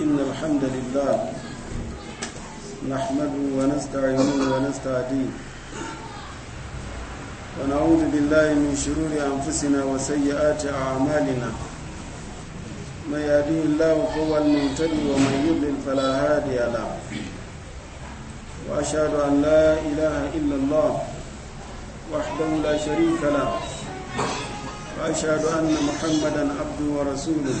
إن الحمد لله نحمده ونستعينه ونستهديه ونعوذ بالله من شرور أنفسنا وسيئات أعمالنا من يهديه الله فهو المهتدي ومن يضلل فلا هادي له وأشهد أن لا إله إلا الله وحده لا شريك له وأشهد أن محمدا عبده ورسوله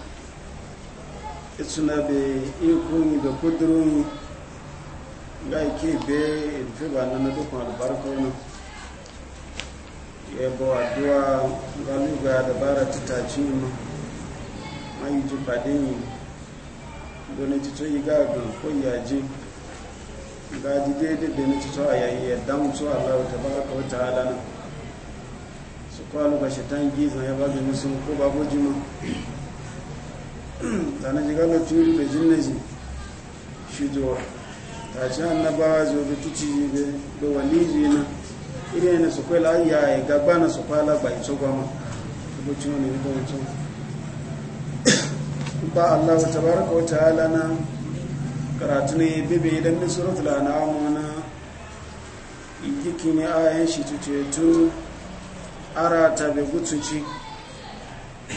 suna da ikon da kudurin ga ke be rufe ba na dukkan albarkar nan ya ba duwa galuga da bara titaci ma mai ji fadin yi gani cito yi gagun ko yaji ga ji daidai da ni cito a yayi ya su allahu ta baraka wata ala nan su kwalu ba shi tan gizon ya ba da nisan ko babu jima na ji galo turu da jinnaji shi zuwa ta ci annabawa zo da tuci da waliji na iri ne su kwela ya yi e, gaba na su kwala ba ito gama ko ci wani ba wato ba Allah wata baraka wata ala na karatu ne bibi dan ni suratul an'am na igiki ne ayan shi tuce tu ara ta be ci.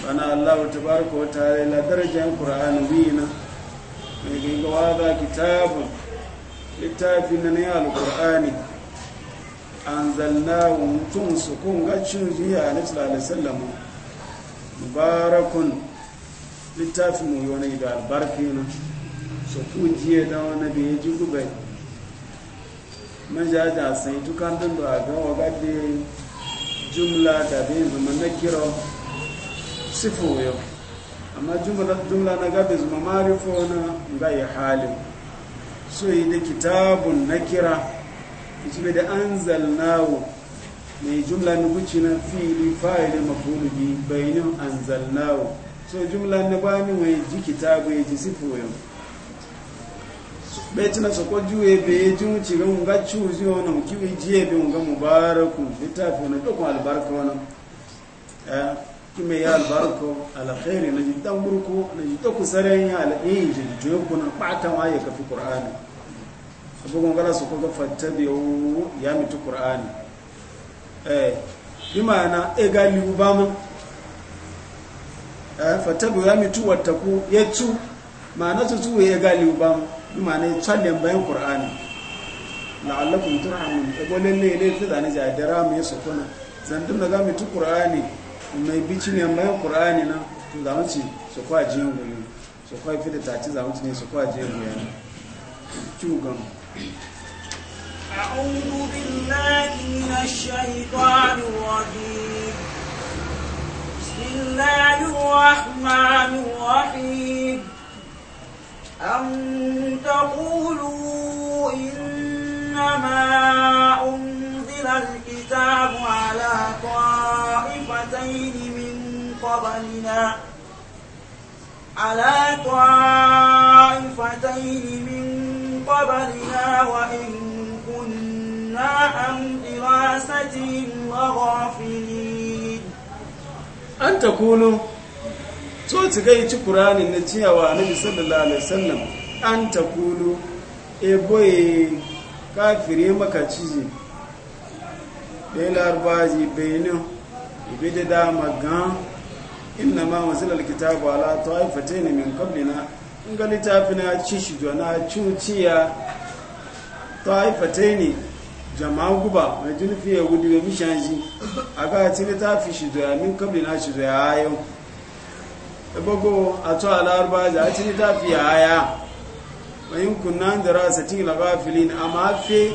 bana Allah ta baraka wa ta'ala la darajan Qur'an wina mai ginga wada kitabun littafin na ya alqur'ani anzalnahu mutum su kun ga cin riya na sallallahu mubarakun littafin mu yana da albarkina su ku jiya da wani da ya ji gubai majaja sai tukan dun da ga wa jumla da bin zuma na kiro sifu yo amma jumla na gabe zuma marifo na ga ya hali so yi da kitabun na kira ita da an zalnawo mai jumla na guci na fili fa'ili mafulubi bayanin an zalnawo so jumla na bani mai ji kitabu ya ji sifu yo bai tuna sako juye bai yi jin cire mu ga ciwo zuwa wani kiwi jiye bai mu ga mubaraku littafi wani dokon albarka wani kime ya albarko alkhairi na jidda murku na jidda kusaren ya al'in eh, jidda kuna bata ma ya kafi qur'ani abugon gara su kuka fattabiyu ya mitu qur'ani eh bima na egali ubama eh fattabiyu ya mitu wattaku yatu ma'ana su su ya gali ubama bima na tsallen bayan qur'ani la'allakum turhamun ebo lalle ne fi zani jadara mai sukuna zandun da ga mitu qur'ani mai bici ne mai qur'ani na to da mu ci su kwa jiyan goyo su kwa fi da taci za mu ci ne su kwa jiyan goyo ci gan أعوذ بالله من الشيطان الرجيم بسم الله الرحمن الرحيم ma أنزل الكتاب على طائفتين من قبلنا على طائفتين من قبلنا وإن كنا عن دراستهم لغافلين أن تقولوا so ci gai ci kuranin na ciyawa annabi sallallahu alaihi wasallam an takulu e boye kafire makaci bai baji benin ibi da magan gan inna ma wazilar kitabu ala ta ne min kablina in ga littafi na ci shi na cuciya ta ne jama'a guba mai julfi ya gudu da mishan ji. a ga ci littafi shi zuwa min kablina shi zuwa ayo ibogo a to a larabaji a ci littafi ya haya bayan kunna da rasa tin lagafilin amma fe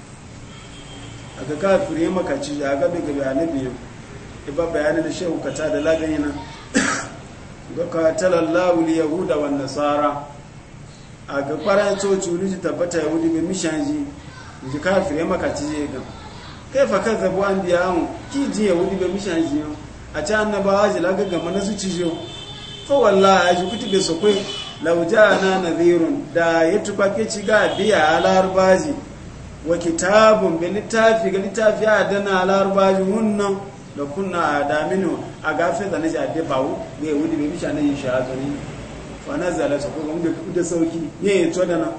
fure kafire makaci ya gabe ga bayanan biyu ba bayanan da shehu kata da lagani na ga katalallahu li yahuda wa nasara a ga faran coci wani tabbata yahudi mai mishanji ji kafire makaci ya ga kai fa zabu an biya mu ki ji yahudi mai mishanji a ci annabawa ji laga gama na su cijo ko wallahi ya ji kutube su lauja na nazirun da ya ke ci ga biya alarbaji wa kitabun bi littafi ga littafi a dana larba hunna da kunna a daminu a gafe da nashi a bawo ne ya wudi bai bisha na yin sha'azuni fa na zala su kuma da da sauki ne ya to dana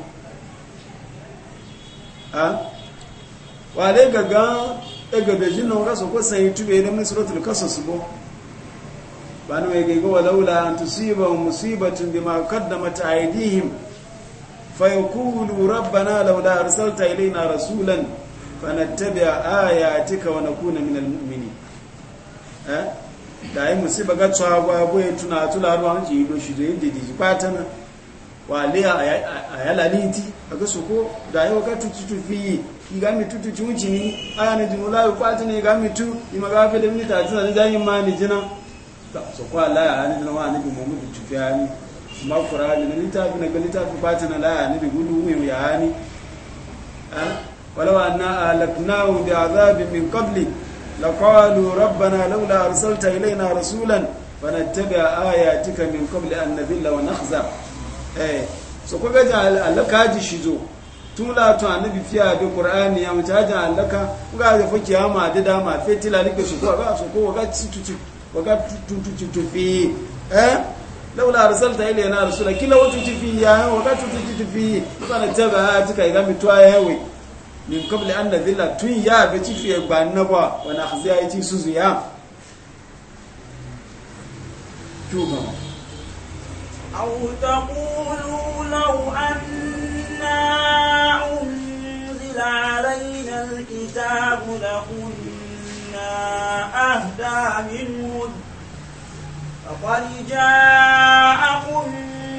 a wa dai gaga daga da e jinan rasu ko sai tube da min suratul qasas bo ba ne ga ga walaula an tusiba musibatan bima qaddamat aydihim fayakulu rabbana laula arsalta ilaina rasulan fanattabi'a ayatika wa nakuna minal mu'minin eh dai musiba ga tsawa boye tuna tula ruwa ji do shi zo yinde ji patana wa ayala niti aga suko dai waka tutu tufi igami tutu tunji ni ayana ji mula ku patana igami tu imaga fa de minita tsana ni jani mani jina ta so kwa la ayana ni wa ni mu mu tutu fi ayani makura ne na littafi na litafi bata na laya ne da gudu mai ya hani ah, walawa na alaknahu bi azabi min qabli laqalu rabbana laula arsalta ilaina rasulan fanattabi'a ayatika min qabli an nadhilla wa nakhza eh so ko gaja alaka ji shizo tula to annabi fiya da qur'ani ya muta ja alaka ga da fa ma da dama fetila nake su ko ga su ko ga tutu tutu tutu eh laula arsalta ilayna rasula kila watu tifiya wakati tujitifi sana taba hatika igami twa yewe min qabli an nadhilla tun ya be tifiya gbanna ba na khziya yi suzu ya tuba aw taqulu law anna unzila alayna alkitabu lakunna ahda minhu faqad jaa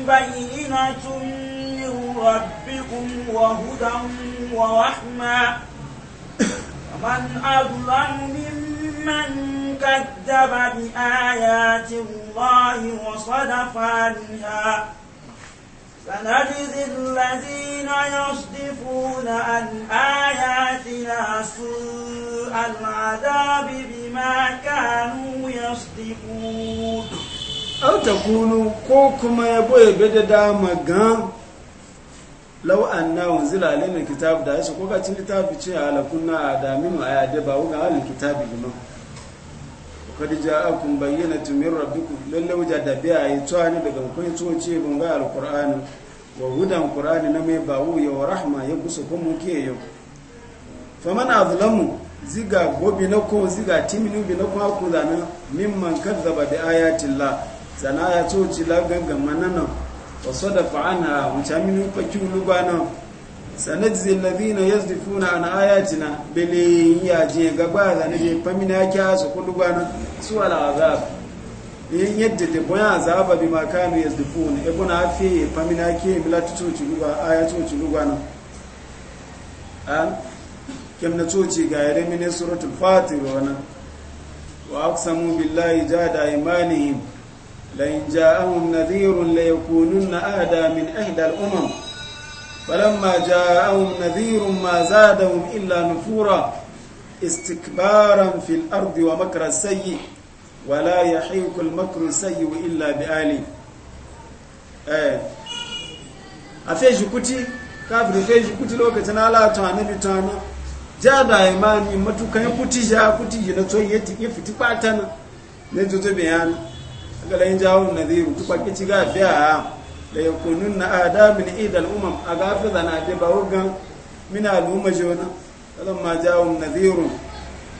بينة من ربكم وهدى ورحمة ومن أظلم ممن كذب بآيات الله وصدف عنها سنجزي الذين يصدفون عن آياتنا سوء العذاب بما كانوا يصدفون au ta kunu ko kuma ya boye bada dama gan lau an na wanzu kitab da yasu ko kacin littafi ce a halakunna a daminu a yade ba wuga halin kitabi gima kadi ja akun bayyana tumin rabbiku lalle wajen da biya yi ne daga kwai tuwace bunga alkur'ani wa hudan kur'ani na mai ba ya wa rahma ya gusa ko mu yau faman azlamu ziga gobi na ko ziga timinu bi na ko ku zana mimman kadzaba bi ayati llah sana ya coci lagagan mananan wasu da fa'ana mutamin kwaki lubana sanajzi na yazdifuna an na bele yaje gaba da ne famina kya su nan su ala azab yin yadda da boya azaba bi makanu yazdifuna ibuna afi na ke milatu tuci luba ayatu tuci nan an kem na tuci ga yare mini suratul fatir wana wa aksamu billahi jada imanihim لئن جاءهم نذير ليكونن أهدى من أهدى الأمم فلما جاءهم نذير ما زادهم إلا نفورا استكبارا في الأرض ومكر السيء ولا يحيق المكر السيء إلا بآله eh a feji kuti kafin feji kuti lokacin alata annabi tana ja da imani matukan kuti ja kuti ji na tsoyi ya fiti patana ne jojo bayani kala in jawo nadhiru ku baki ci ga biya la yakununna adabin id al umam agafi zana de ba wugan min al umma jona kalan ma jawo nadhiru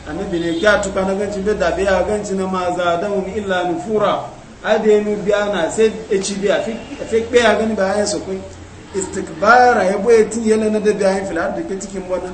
annabi ne ga tuka na ganci be da biya ganci na ma za da um illa nufura adenu biya na sai e ci biya fi fi biya gani ba ya sokoi istikbara ya boye tin yela na da biya fil da ke cikin wannan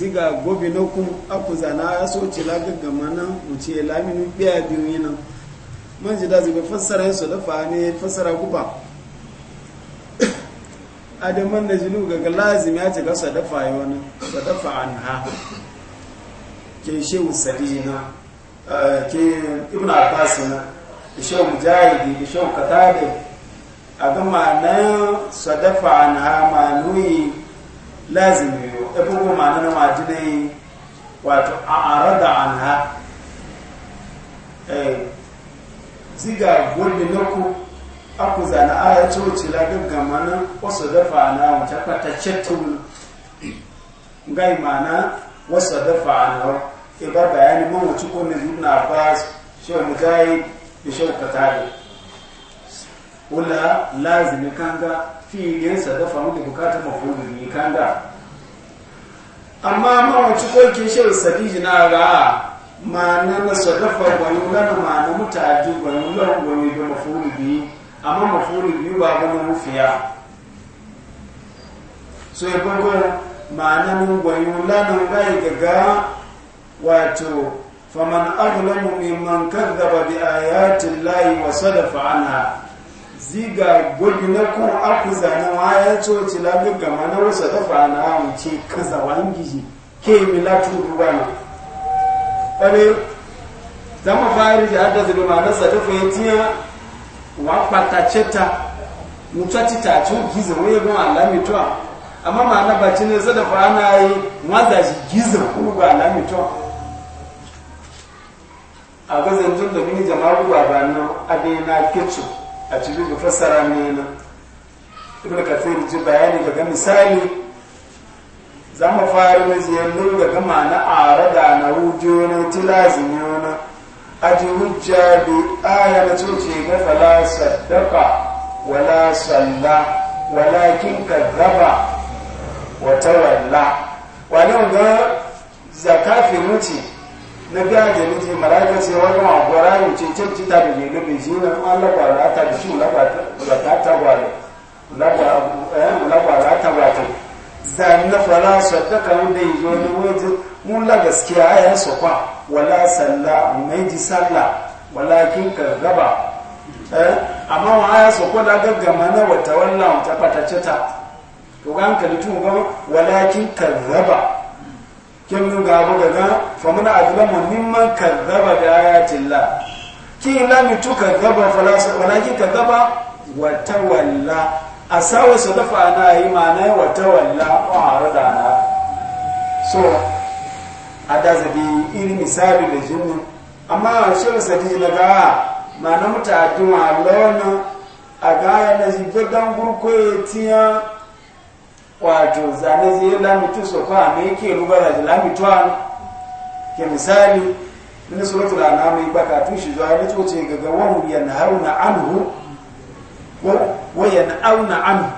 ziga gobe na kun akuza na ya so ce laga gama nan wuce laminu biya biyu yi nan man ji da ziga fassara yin sulafa ne fassara guba adaman da jilu ga galazim ya ce ga sadafa yi wani sadafa an ha ke musali salina ke ibn abbas na ke shehu mujahidi ke mu katade a ga ma'anar sadafa an ha nuyi lazimi abubuwa ma'ana na majinai wato a arada an ha eh, ziga gwani na ku aku zana aya coci la gaggama na wasu dafa na wuce kwatacce tun gai ma'ana wasu dafa na ibar bayani man wuce ko na zuwa na ba shi wa mujayi da shi wa tare wula lazimi kanga fi yin sadafa mutu bukatar mafi kanga amma mawanci ɗauke shi da sadiji na ga ma'ana na dafa gwani ma ma'ana mutaji gwani lana gwani da mafuru biyu amma mafuru biyu ba gani mufiya so ya ma ma'ana nun gwani lana gai gaga wato faman aglamu mimman ba bi ayatin layi wa sadafa fa'ana. ziga gudu na kun aku zane wa ya coci labi gama na wasu ta na an ce kaza wangiji ke mi latu duba na ɗare zama fayar da hada zuru ma na sata fahimtiya wa kwatace ta mutaci ta ci gizo wani gun alamituwa amma ma na baci ne fa ana yi maza shi gizo kuma ga alamituwa a gazan tun da mini jama'a ba na adina kitchen a cikin da fassara ne na ibn kathir ji bayani daga misali za mu fara na ziyarnin daga ma'ana a rada na hujjo na tilazin yana aji hujja bi aya na coci na fala saddaka wala salla walakin kazzaba wa tawalla wani ga zakafi mutum na biya da ni ce malaika ce wani ma gwara mu ce ce ci ta da ne ga bai shi na an labara ta da shi labara ta ta gwara eh, labara ta ba ta da na fara sadaka wanda yi zo ni wajen mun la gaskiya ayan su kwa wala salla mai ji salla walakin ka gaba eh, amma wa ayan su kwa da gaggama na wata wannan ta fatace ta to ga hankali tun wala kin ka gaba kin nun ga abu gaga fa muna azlamu mimman kazzaba bi ayatin la ki mi tu fala falasa wala ki kazzaba wa tawalla asawa dafa ana yi mana wa tawalla wa harada na so da zabi iri misali da jini amma shi sadi na ga mana mutadin a lona a ga yana jigadan gurkoye tiyan wato zane zai lamitin su kwa mai ke ruba da lamitu an ke misali min da na mai baka tun shi zuwa ya toce ga ga wahu yanhauna Yana ko wa yanauna anhu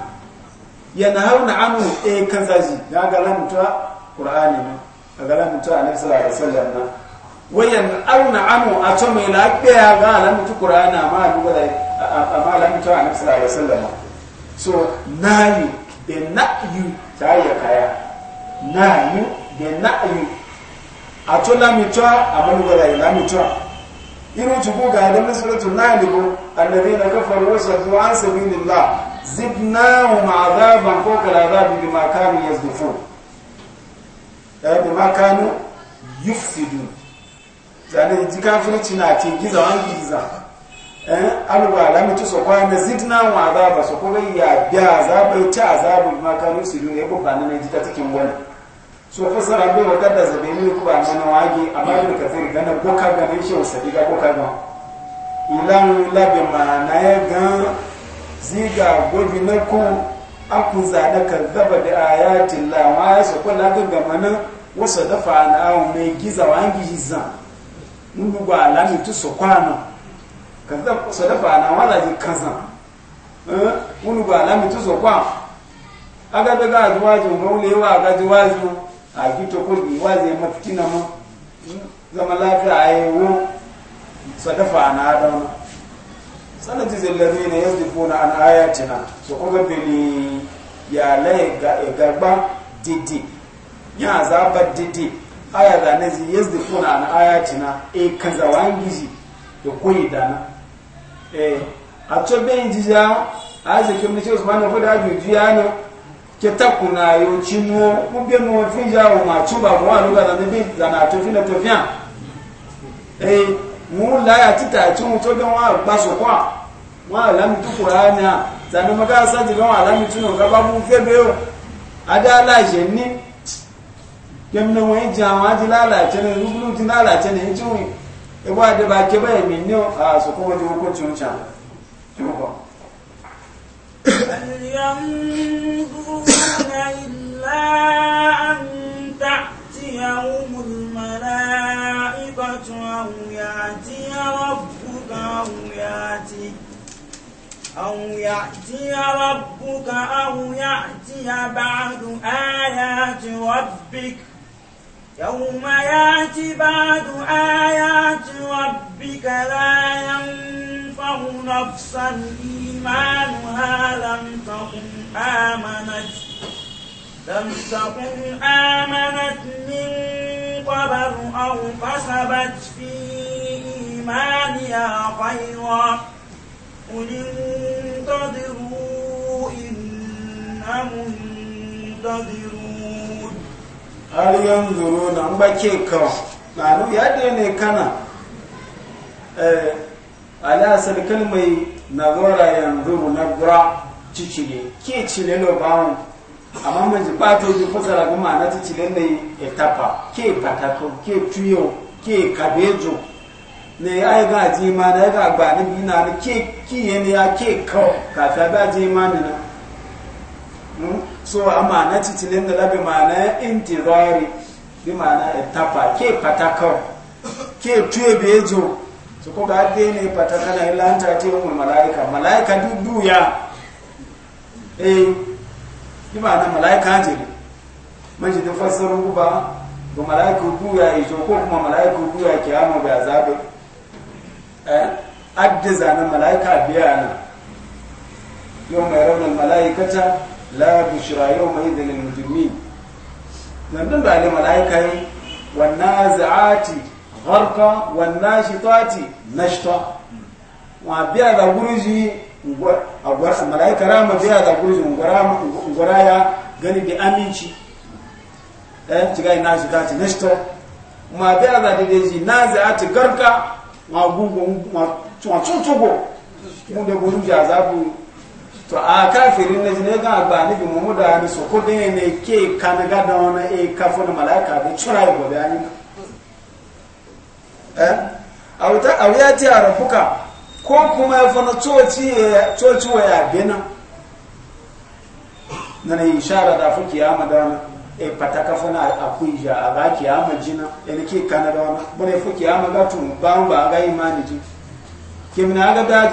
yanhauna anhu e kazaji ga ga lamitu qur'ani ne ga lamitu a sallallahu da sallar na anu yanauna anhu a to mai lafiya ga lamitu qur'ani amma a duba da amma lamitu annabi sallallahu alaihi na so da na'yu ta ya kaya na na'yu da na'yu a to la mi to a man wala ila mi to iru tu ko ga da misalatu na'yu ko alladhina kafaru wa saddu an sabilillah aza ban ko kala adhabi bima kanu yazdufun eh bima kanu yufsidun zane jikafirci na ce giza wani giza Eh, alwa lamitu so kwa na zidna wa azaba so ko ya biya azaba ita azabu ma kanu su do ya bubba na jita cikin wani so fasara bai wa gadda zabe ne ku ba mana wage amma ibn kathir gana boka ga ne shi wasa diga boka ga ilan labe ma na ya ga ziga gobi na ku aku zada kazzaba da ayatin la ma ya so ko na ga mana wasa dafa na mai giza wangi giza mun ba lamitu so kwana so sadafa na wala ji kaza eh munu ba la mitu so kwa aga daga azuwaji maule wa aga azuwaji a gito ko bi wazi ma fitina mu hmm, zama lafiya ayi wo sadafa na adama sanati zalladina yasdifuna an ayatina so ko gabili ya lai ga e gagba didi ya zaba didi aya da nazi yasdifuna an ayatina e kaza ji da koyi dana a to ben a ze ke mne chezo bana foda ju jiana ke takuna yo chimo mbe mo finja o machuba mo aluga na mbe zana to fina to fia eh mu la ya tita chimo to ben wa gba so kwa wa la mi tukura na zana maga sa ji ben wa la mi tuno ga ba mu febe o ada la je ni kemne wa ji la la chene ti la ẹgbọ́n àdébà kébà èmi ní àsìkò wọn tí wọ́n kó tí ó ń ṣàn tí ó bọ̀. يوم الملائكة أو يأتي ربك أو يأتي أو يأتي ربك أو يأتي بعد آيات ربك يوم ياتي بعد آيات ربك لا ينفع نفسا إيمانها لم تكن آمنت لم تكن آمنت من قبل أو كسبت في إيمانها خيرا قل انتظروا إنا منتظرون har yanzu na mbake ka ma'anu ya da ne kana eh, kalmai na zora nazara yanzu nazara cicile ke cile lo bawon amma mun ji bato ji fasara ga ma'ana ta cile ne etapa ke patako ke tuyo ke kabejo ne yi ga ji ma na ga gbanin bina ke ki ya ke ka kafa ga ji ma na Hmm? so amma na titilin da labi ma'ana intizari bi ma'ana etapa ke patakau ke tuye bejo su ko ga ade ne na yi an tati yi malaika malaika dudu ya eh bi ma'ana malaika jiri manji da fassarar guba ga malaika dudu ya so ko kuma malaika dudu ya kiyama ga azabe eh adda zanen malaika biya na yau mai raunin malaikata la bushra yawma idhil lil mujrimin nan dan da malaika yi wan nazaati gharqa wan nashitati nashta wa biya da guruji agwar malaika rama biya da guruji ngorama ngoraya gani bi aminci eh tigai nashitati nashta ma biya da deji nazaati gharqa ma gugu ma tsuntsugo mun da guruji azabu to a kafirin na jine ga ba bi mu da ni so ko de ne ke kan ga da wona e eh, ka fo na malaika bi tsura go da ni eh aw ta aw ya ti arafuka ko kuma ya fana coci coci eh, wa ya bena na eh, ne ishara da fuki ya madana e pataka fana a kuija a ki ya majina e ne ke kan da wona bune fuki ya maga tun ba ba ga imani ji kimna ga da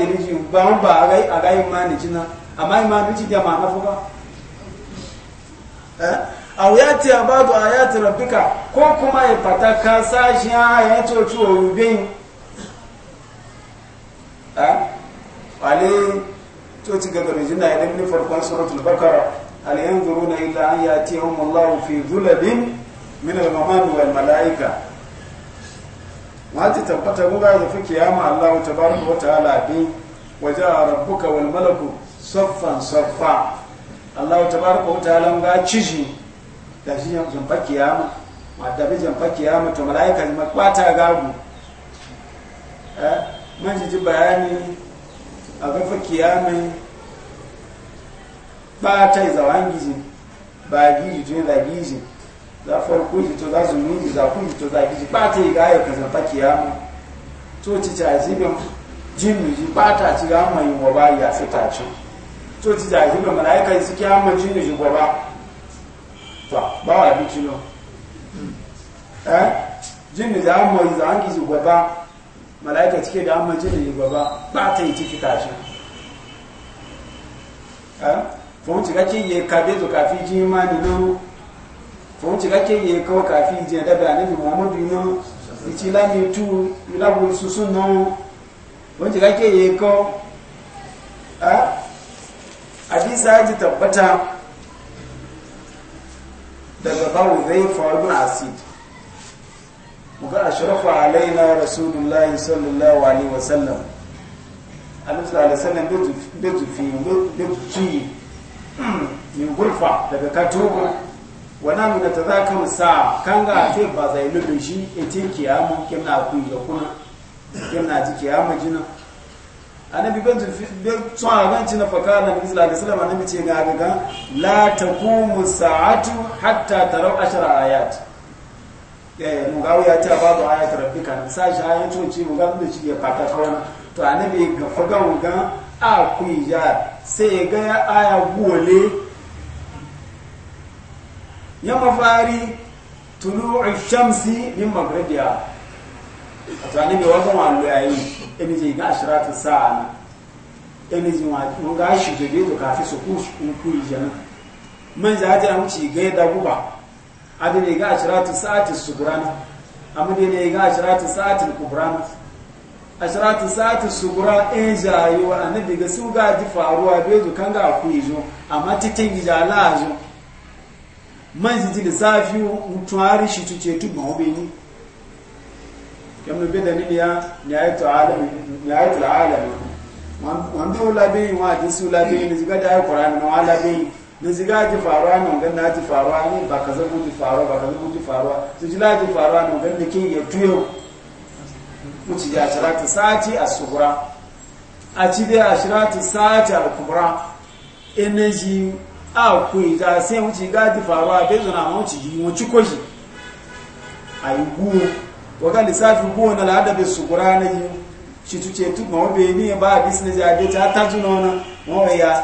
imani na amma imanu ci jama na fuka a wuyati a bado a yati rabbika ko kuma ya fata ka sashen ya eh? coci wa rubin a wale coci ga garjina idan ni farkon suratul bakara hal yanzuruna illa an yatihum Allahu fi dhulalin min al-ghamam wal malaika wata tabbata guga ya fi kiyama Allah tabaraka wa ta'ala bi waja rabbuka wal malaku soffan soffa allahu tabaraka wa ta'ala ga ciji da shi yan fa kiyama ma da bi jan fa kiyama to malaika ma kwata gagu eh man ji bayani a ga fa kiyama ba ta zawangiji ba gidi to da gizi za farko ji to za zumi za ku to za gizi ba ta ga ya kaza fa kiyama to ci ta jibin jin ji ba ta ci ga mai mobile ya fita cin tó ti dà ìdúgbò mọ̀láyíkà yìí kí á mọ jí ní Ba, bá tà báwà bí tí lọ ẹ́ jí ní ìdá mọ ìdá ń kì í bá mọ̀láyíkà tí kéde á mọ jí ní ìṣùgbọ́ bá ta ìtì eh? fi kà ẹ́ fòun ti kake yẹ kabe tó muhammadu kake ẹ́ hadisa ya ji tabbata daga bawu zai faru asid muka ashrafa alaina rasulullahi sallallahu alaihi wasallam alaihi wasallam da tufi da tuyi min gulfa daga katogo wana mu na musa kan kanga afe ba zai lubin shi etin kiyamun kimna kun yakuna kimna ji kiyamun jinan annabi ban tun abinci na faka na bisla da sallama annabi ce ga gaga la taqumu sa'atu hatta taraw ashara ayat eh mun ga ya ta babu ayat rabbika sai shi ayan to ci mun ga da shi ya fata kawai to annabi ga faga ga a ya. sai ga aya gole ya mafari tulu'u shamsi min maghribiha wato bi wata ma lu ayi emi ji ga ashratu sa'ana emi ji ma mun ga shi je bi to ka fi su ku ku ku na man za ta mu ci ga da guba abi ne ga ashratu sa'ati sugrana amma dai ne ga ashratu sa'ati kubrana ashratu sa'ati sugura e ja yi wa annabi ga su ga ji faruwa be to kan ga ku yi amma titin ji ala ajo man ji ji da safi mutuwari shi ce tu ba obeni yamnu bi ni ya nihayatu alam nihayatu wani man labɛn yi wa ji labɛn yi ne ziga da qur'ani ma labi ne ziga ji faruwa nan ga na ji faruwa ni ba ka zabu ji faruwa ba ka zabu ji faruwa su ji la ji faruwa nan ga kin ya tuyo muci ya sharatu sati as-sughra a ci da ashratu sati al-kubra energy a ku ita sai muci ga bɛ faruwa bai zana mu ci mu ci a yi guwo waga lissafi kowane al'ada bai su gura na yi shi tuce tuba wabe ni ba a bisu na jade ta ta zuna wani mawa ya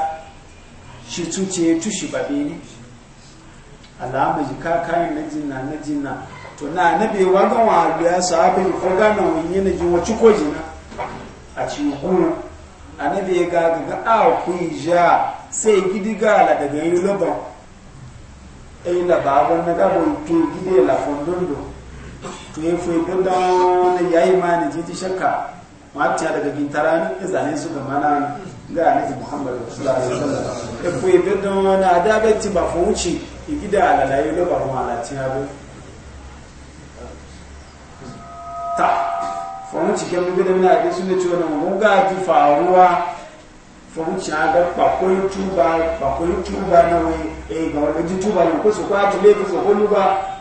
shi tuce tushi ba bai ni alama ji ka kayan na jinna na jinna to na na bai waga wa abu ya sa abin ko gana wani na jin wacce ko jina a ci gura a na bai ga ga a yi ja sai gidi gala daga yi laban ai e lababan na gabon to gidi la fondondo to ya fi gunda wani ya yi jiji shakka ma'abciya daga gintara ne zane su ga mana ga annabi muhammadu sallallahu alaihi wasallam ya fi gunda wani adabati ba fa wuce igida alalayi da ba ruwa latiya ba ta fa wuce kyan bibi da muna da ciwo na mu ga ji faruwa fa wuce a ga tuba tuba na wai eh tuba ne ko su kwa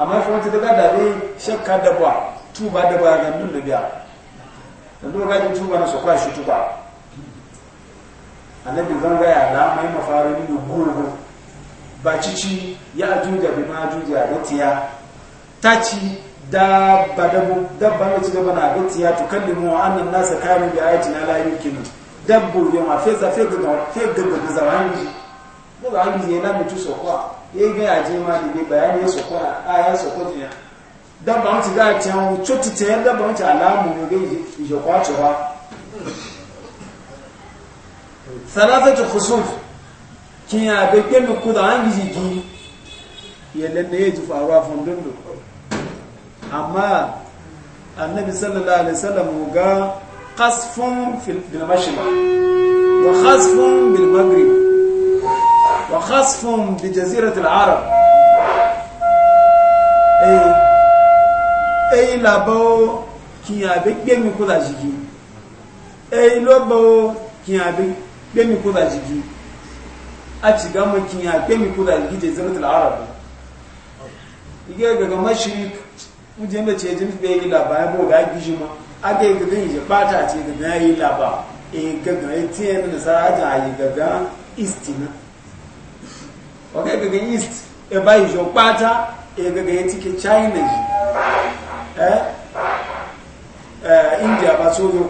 amma ko wata daga da bai shakka da ba tuba da ba ga nun da biya dan dole gaji tuba na sokwa shi tuba annabi zanga ya da mai mafarin da gurgu ba cici ya ajuja bi ma ajuja da tiya taci da badabu dabba ne ci gaba na da tiya to kallimu wa annan nasa kayan bi ayatina la yumkinu dabbu yama feza fega fega da zawanji mu ga an yi na mutu sokwa ya gaya ya je ma ibe bayani ya soko a ya soko da ya dabba mutu ga ta yawon cutu ta yan dabba mutu alamu ne ga ije kwacewa salatatu khusuf kin ya be ke mu kuda an gizi gi ya lalle ya ji do amma annabi sallallahu alaihi wasallam ga qasfun fil mashriq wa khasfun bil maghrib وخصفهم بجزيرة العرب أي أي لابو كي أبي بيمي كودا جيجي أي لابو كي أبي بيمي كودا جيجي أتي غاما كي أبي بيمي كودا جيجي جزيرة العرب يجي غاما مشرك mujin da ce jin bai yi labarai bo ga gishi ma aka yi gudun ya bata ce ga na yi labar e gaga ya tiye na nasara ajin a yi gaga istina ọ̀gá gẹ́gẹ́ east ẹ̀bá ìjọ pátá ẹ̀gẹ́gẹ́ yẹn ti ke china yìí ẹ́ india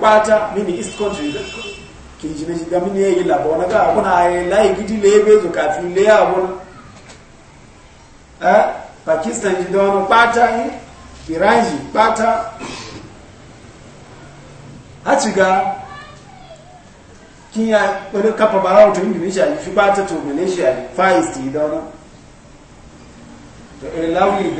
bá tó mini east country kejì méjì gami ní ẹ̀yìn làbọ̀ ọ̀nà káà kún láì gidi lé lé àwọn pakistan yìí dánwó pátá yìí iran yìí pátá kí ya wani kafa bara indonesia ne fi bata to malaysia ne far east tó da wani to irin launi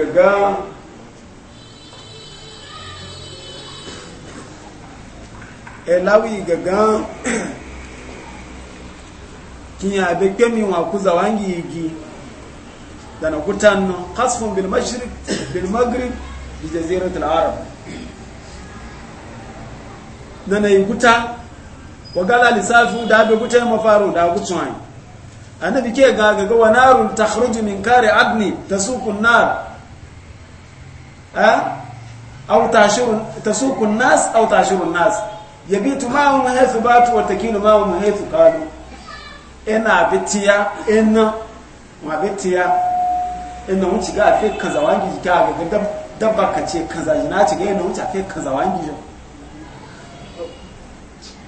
ya wa ku zawangi yigi dana kutanno qasfun bil mashriq bil maghrib bi arab wagala lissafi da bai gutai mafaru da gutuwai annabi ke gagaga wa narun takhruju min kare adni tasukun nar a aw tashurun tasukun nas aw tashurun nas yabitu ma ma'un haythu batu wa takilu ma'un haythu qalu ina bitiya ina ma bitiya ina mun ciga afi kaza wangi ka ga dabba kace kaza ina ciga ina wuci ciga afi kaza wangi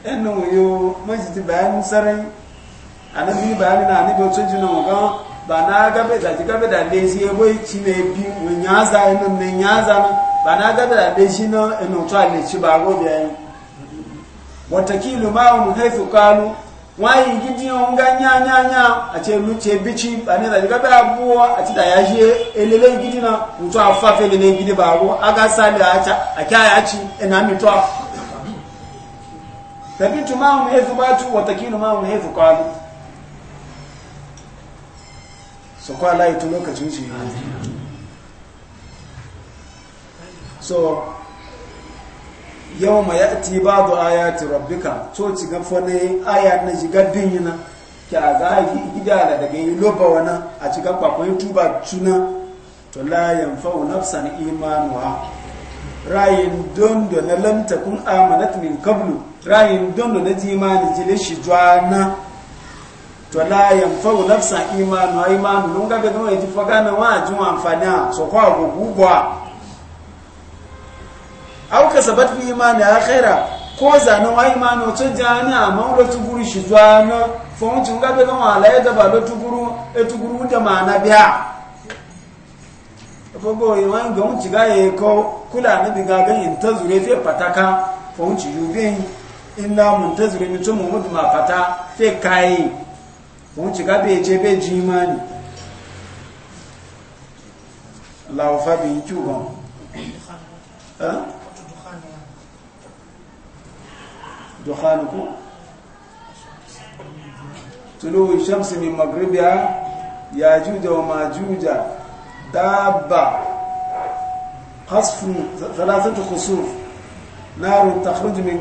ẹnu yo mọ́jì ti bàá ń sẹ́rẹ́ ànábì bàá nínú àníbi tó jìnnà ọ̀gán bàná gábẹ̀dà tí gábẹ̀dà lè ṣe ewé tí na ebi wònyáza ẹnu ní nyáza ní bàná gábẹ̀dà lè ṣe ẹnu tó àlè tí bàá rọ́bì ẹ̀yìn wọ̀tẹ̀kí ìlú márùn-ún hẹ́fù kánú wọ́n yìí gidi nya nya nyányányá àti ìlú tí ebi tí bàní ìlàjì gábẹ̀ àbúwọ́ àti dàyáṣe elele gidi náà ntọ́ afáfẹ́ lele gidi bàá rọ́ agásálẹ̀ àkí àyàchi ẹ̀nà àmì tó àfọ́ tabitu mahum haythu batu wa takinu mahum haythu qalu so kwa lai to lokacin shi so yawma ya'ti ba'du ayati rabbika to ci ga fane aya na jiga dinyina ki azagi gidala daga yi loba wana a ci kwa kwakwai tuba tuna to la yanfa'u nafsan imanuha rayin dondo na lamta kun amanat min rayin dondo na ji imani jile shi jwana to la yamfagu nafsa imanu wa imanu nunga ga nuna ji fagana wa juma amfani so kwa gugugwa au ka sabat fi imani akhira ko zana wa imanu to jana ma ro tuguru shi jwana fo mun tunga ya da ba lo tuguru e tuguru biya pataka fo ina muntazir ni to muhammadu ma fata fe kai mun ci gabe je be jimani lawo fabi cuban دخانكم طلوع الشمس من مغربها ياجوج وماجوج دابة قصف ثلاثة خصوف نار تخرج min.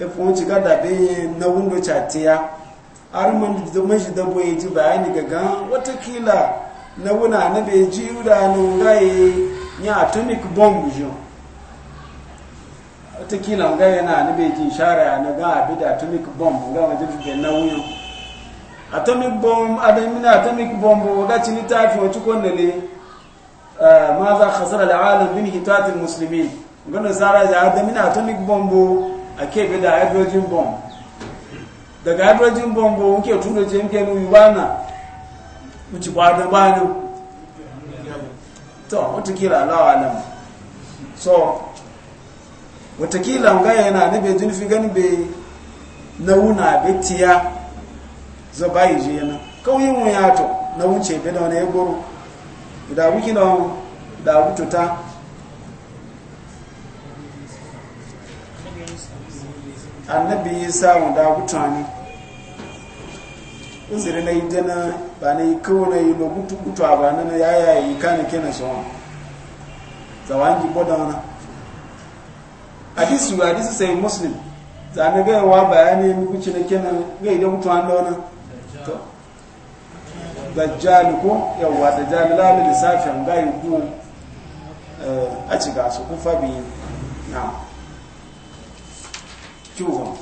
efon ci gada be na wundo chatiya arman da shi da boye ji bayani gaga watakila na wuna na be ji da na yi ni atomic bomb jo watakila ga yana na be ji shara na ga abi da atomic bomb ga wajen be na wuyo atomic bomb adamina atomic bomb ga ci ni tafi wa cikon da ne eh, ma za khasara al'alam bin hitat musulmi gano sara da adamina atomic bomb a kebe da hydrogen bomb daga hydrogen bomb bo wuke turo je mke nuyi ba na wuce kwadon ba ne to watakila alawa alam so watakila gaya yana nabe bai fi gani bai nauna bai tiya zaba yi je yana kauyen wuya to na wuce bai da wani ya goro da wuki da wuta. annabi isa da gutani uzuri na idana ba na yi kawo na yi ba gutu gutu a ba na na yaya yi kane kene so zawangi boda wana hadisu hadisu sai muslim za na ga wa bayani ya mukuci na kene ga idan gutu an da wannan to dajjal ko yawa dajjal la lissafin ga yi ku eh, a cika su kufa biyu na شوفوا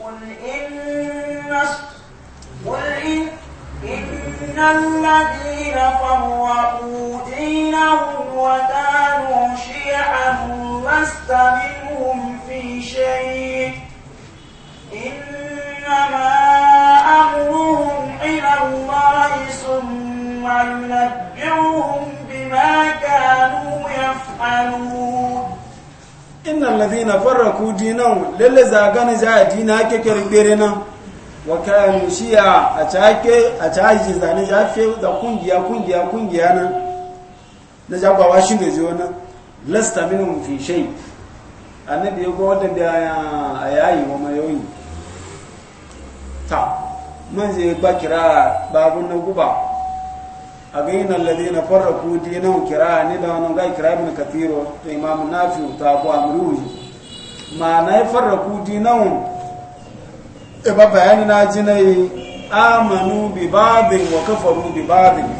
قل إن قل إن إن الذين فرقوا دينهم وكانوا شيعا لست منهم في شيء إنما أمرهم إلى الله ثم ينبئهم بما كانوا يفعلون inna alladhina ku dinan lalle zagana za a dina ake kirbere nan wa kayan shi'a a cake a taji zane za fi da kungiya kungiya kungiya nan na jagwawa shi ne zuwa nan lasta minhum fi shay annabi ya gowa da yayi wa mayoyi ta man zai ba kira babu na guba again الذين فرقوا دينهم كراء da كراء من kira إمام kathiro to أمروه ما ta دينهم إبا ma na آمنوا ببعض وكفروا ببعض na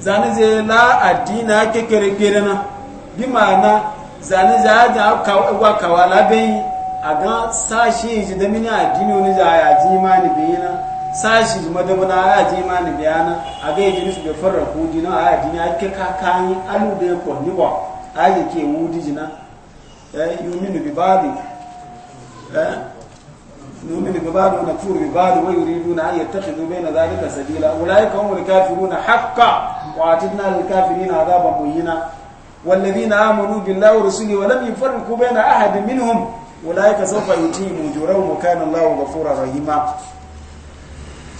zane je la addina ake kere kere na bi ma'ana zane ja ja kawala sashi da mini addini wani ja sashi madabuna a yaji mani biyana a ga yi jini su bai fara hudi na a yaji ne ake kakayi alu da ya kwanni ba a yi ke wudi jina ya eh, yi yuminu bi babi ya eh, yuminu bi babi na turu bi babi wai yuri yuna a yi tafi bai na zalika sadila wula yi kan wani kafi runa haka kwati na kafi ni na zaba muhina wallabi na amuru bi lawar su ne wani bi fara ku bai na ahadin minhum wula yi ka sauka yi ti mu jura mu kayan lawar ga fura rahima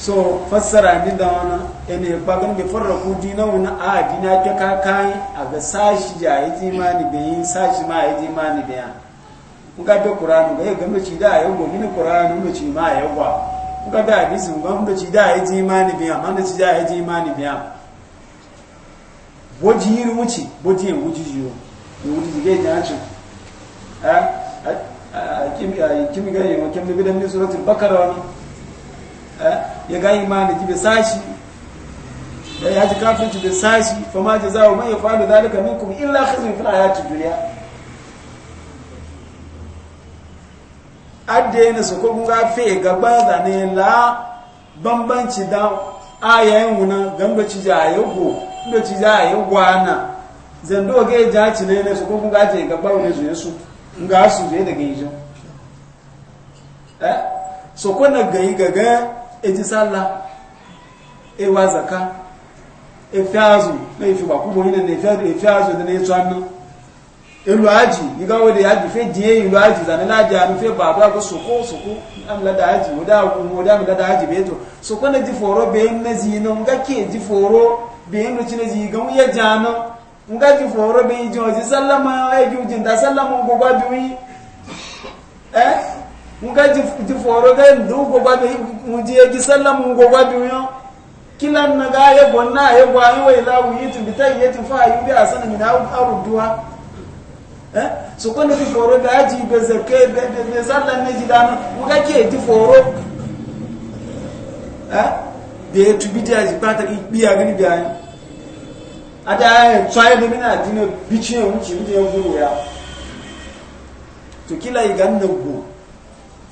so fassara ni da wani ene bagan bi farraku dina wani a dina ke kakayi a ga sashi ya yi jimani da yin sashi ma yi jimani da ya mun ga da kuranu ga yi ga mace da ayo go mini qur'ani mace ma ayo wa mun ga da hadisi mun ga mun ci da yi jimani da ya ma da ci da yi jimani da ya boji yi wuce boji yi wuce jiyo yi wuce ga ya ci a kimi ga yi wa ga bidan ni suratul bakara wani ya ga imani ki be sashi da ya ji kafirci be sashi fa ma jazaa'u man yafalu dhalika minkum illa khizyun fil hayati dunya adde ne su ko ga fe gaba da ne la bambanci da ayayen wuna gamba ci ja yago ndo ci ja yagwana zando ga ja ci ne ne su ko ga je gaba ne su yesu ga su je daga yijo eh so ko na gayi gaga eji sallah ewa zaka efe azụ na efe gbakwụgbọ onye na efe azụ dị na-etu anụ elu aji igawo da yaji fe jiye ilu aji zane na aji anu fe baba ko soko soko amla da aji oda ku oda amla da aji beto soko na ji foro be na ji no nga ke ji foro be no chi na ji ga mu ya jano nga ji foro be ji o ji sallama e ji ji nda sallama go gwa eh nga ji foro ga ndu go gwa bi mu ji e gi sallam mu go gwa bi yo kila na ga ye go na ye go ayi we la wi tu bi tai ye tu fa yi bi asana mi na aru duwa eh so ko ne ji foro ga ji be ze be be be sallam ne ji dana mu ke ji foro eh be tu bi ta ji pata ki bi ya. gani bi ya ada e tsaye de mi na dino bi chi e mu chi bi de yo ya to kila i ga na go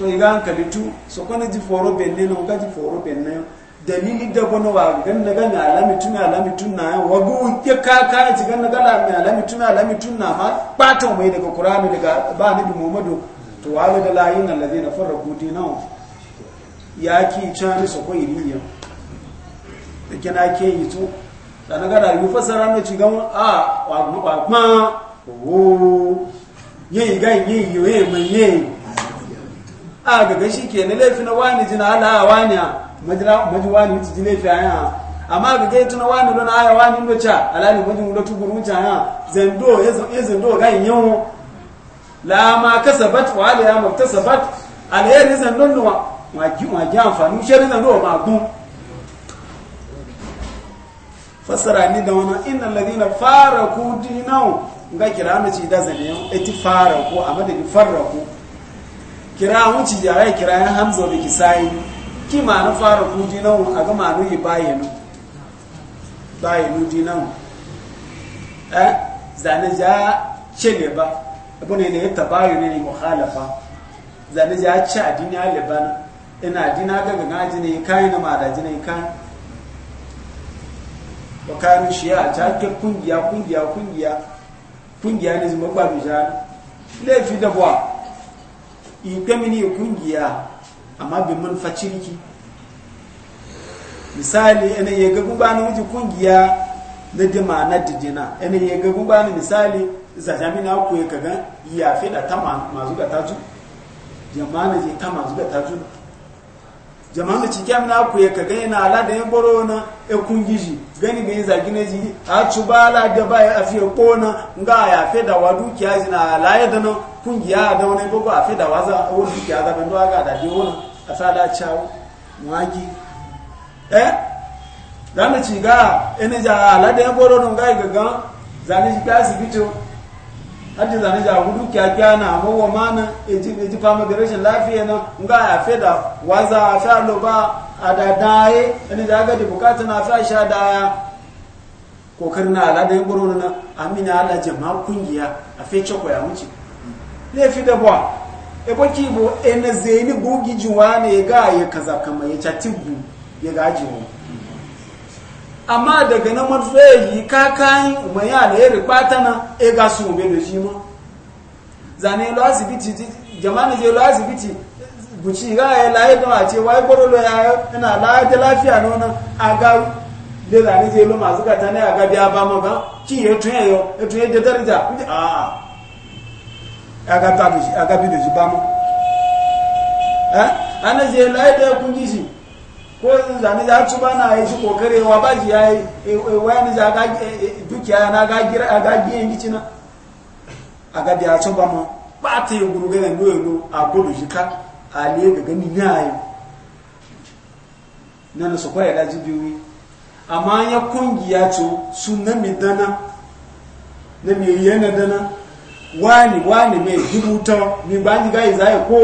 so iga hankali tu so kwana ji foro benne na uka ji foro benne dalili da gono wa gan na gan alami tun alami tun na u ke ka ka ji gan na gan alami alami tun alami tun na ma pata mai daga qur'ani daga ba bi muhammadu to wala da layin alladhina farraqu dinahum ya ki ni so ko ya da na ke yi to da na gara yi fasara ne ci gan a wa ma o ye ga ye yo ye mai ye a gaga shi ke na laifi na wani jina ala a wani a maji wani wuce ji laifi a yana amma gaga ya tuna wani don aya wani ndo ca alali majin wuda tuguru wuce a zendo ya zendo ga yin yawon la ma kasabat wa ala ya mabtasabat alheri zando nuwa wagi amfani shari zando ma gun fassara ni da wani inna ladina fara ku dinau ga kira mace da zane yau eti fara ku a madadin fara ku kira wuce da rai kira yan hamzo da kisayi ki ma na fara kuji nan a ga manu yi bayanu bayanu di nan eh zane ja cele ba abu ne ne ta bayu ne mukhalafa zane ja a adini aliban ina dina ga ga gaji ne kai na ma da ji ne kai wa shi ya ta ke kungiya kungiya kungiya kungiya ne zuma ba bijana laifi da bwa yi kungiya amma bi mun facirki misali ene ye gabu bani wuji kungiya na dima na dijina ene ye gabu bani misali za jamina ku ye kaga ya fi da tama mazu ga taju jama'a je tama mazu ga taju jama'a ci kyam na ku ye kaga ina ala da boro na e kungiji gani ga za gine ji a tubala da ba ya afiya kona nga ya fi da wadu kiyaji na ala ya da no kungiya da wani gogo a fida waza a wani duki a zaben duwa ga da je wani a sada cawo wagi eh za mu ci ga ina ja alada ya boro nun gai gaga zani shi kasi bito hadi zani ja gudu kya kya na mawa mana eji eji fama da rashin lafiya na nga a fida waza a fa loba a da daye ina ja ga da bukata na fa sha daya kokarin alada ya boro nun amina ala jama'a kungiya a fe chokoya muci laifi da ba e baki bo e na zeni bugi juwa ne ga ya kaza kama ya chatigu ya ga mu amma daga na matsayi yi kakan umaya da ya rikpata na e ga su be da shi ma zane lo asibiti jama'a je lo asibiti buci ga ya laye don a ce wai e goro lo ya ina e laye lafiya nona a ga le zane je lo masu katana a ga biya ba ma ba ki ya tuye yo ya e tuye da daraja a a agabi dozu ba mu ana je lai da kun ji shi ko zane za ci ba na yi shi kokare wa ba ji yayi waya ni za ga dukiya na ga gira a ga giyan gici na a ga biya ci ba mu ba ta yi guru gane lo lo a gudu shi ka a le ga gani na yi na na su kwaya da ji biyu amma ya kungiya ce su na mi dana na mi yana dana wani wani mai dubu tán gbígbà ń jígá ìzáyè kó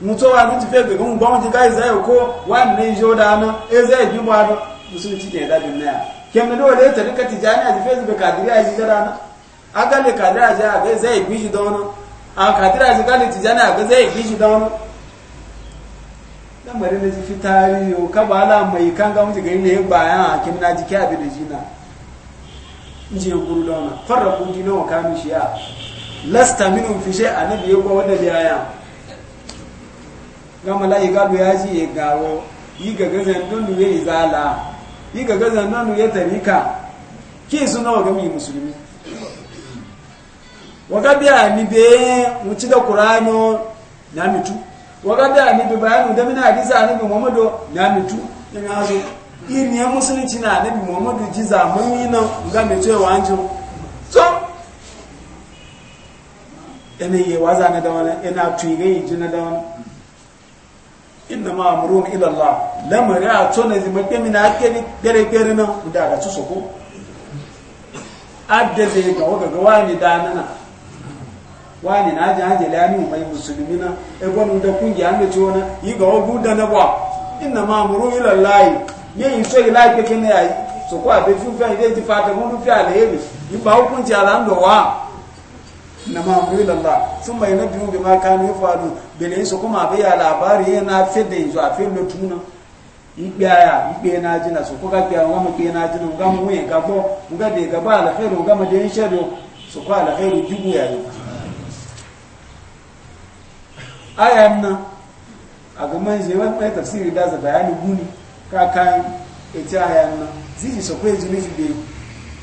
mú tó wá títí fẹ́ gbẹ̀gbẹ̀ mú bá wọn jígá ìzáyè kó wani ní iṣẹ́ ó dáná ke da adọ́ musulunci ke dábì náà kẹmí ló lè tẹ̀lé kẹtì já ní àti fẹ́sibẹ̀ kàdírí àti jígá dáná agálẹ̀ kàdírí àti àgbẹ̀ ẹzẹ́ ìgbìjì dáná àwọn kàdírí àti gálẹ̀ tìjá ní àgbẹ̀ ẹzẹ́ ìgbìjì dáná lamarin da ji fi o kaba ala mai kan ga mutu gari ne ya bayan hakim na jike abin da na. ji guru da wannan farraku dina wa kami shi'a lasta minhum fi shay'a nabi ko wanda da ya ga malaika lu ya ji ya gawo yi ga gazan don lu ya zala yi ga gazan nan lu ya tarika ki suna wa gami musulmi waga biya ni be ci da qur'ano na mitu waga biya ni be bayanu da mina hadisi annabi muhammadu na mitu ina so iri ya musulunci na annabi muhammadu ji zamani nan ga mai cewa an jin so ina yi waza na da wani ina tuigayi ji na da wani inna ma amurun ilallah lamari a tona zima kemi na ake ni gare gare nan da ga su soko adda zai ga waga ga wani da nana wani na ji hajjali ya ni mai musulmi na ebe wani da kungiya an da ciwo na yi ga wagu da na ba inna ma amurun yi. yin so ila keke ne ayi so ko abe fi fi ide ti fata mun fi ale yi in ba hukunci ala ndo wa na ma mu ila Allah sun bai na biyu bi ma kanu ya faru bele so kuma abe ya labari yana fede zo afi lo tuna igbe aya igbe na ji na so ko ka gbe awon mu gbe na ji no ga mu yin ga bo mu ga de ga ba ala khairu ga ma de in shado so ko ala khairu jugu ya yi aya nan a ga manjewa mai tafsiri da za bayani kakan ita ayan sokwa zai so kai zuni fi bai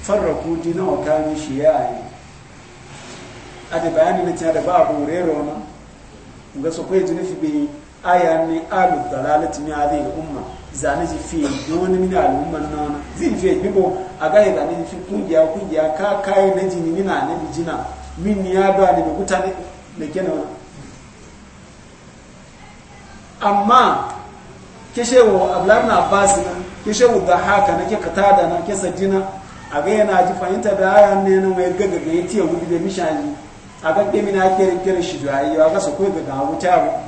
farraku dina shi ya ayi a da bayani na da ba abu rero na ga so kai zuni aya bai ayan ne na dalalati mi hadi umma zane ji fi doni min al na nona zai fi bibo a ga ya ne fi kungiya kungiya ka na jini min na bi jina min ya ba ne amma kishe wa ablar na abbas na kishe wa da haka na ke da na ke sajina a ga yana ji fahimta da haya ne na mai gaga ga yati yau da mishani a ga ɗemi na kere kere shi da ayi ga su koyi ga ta ba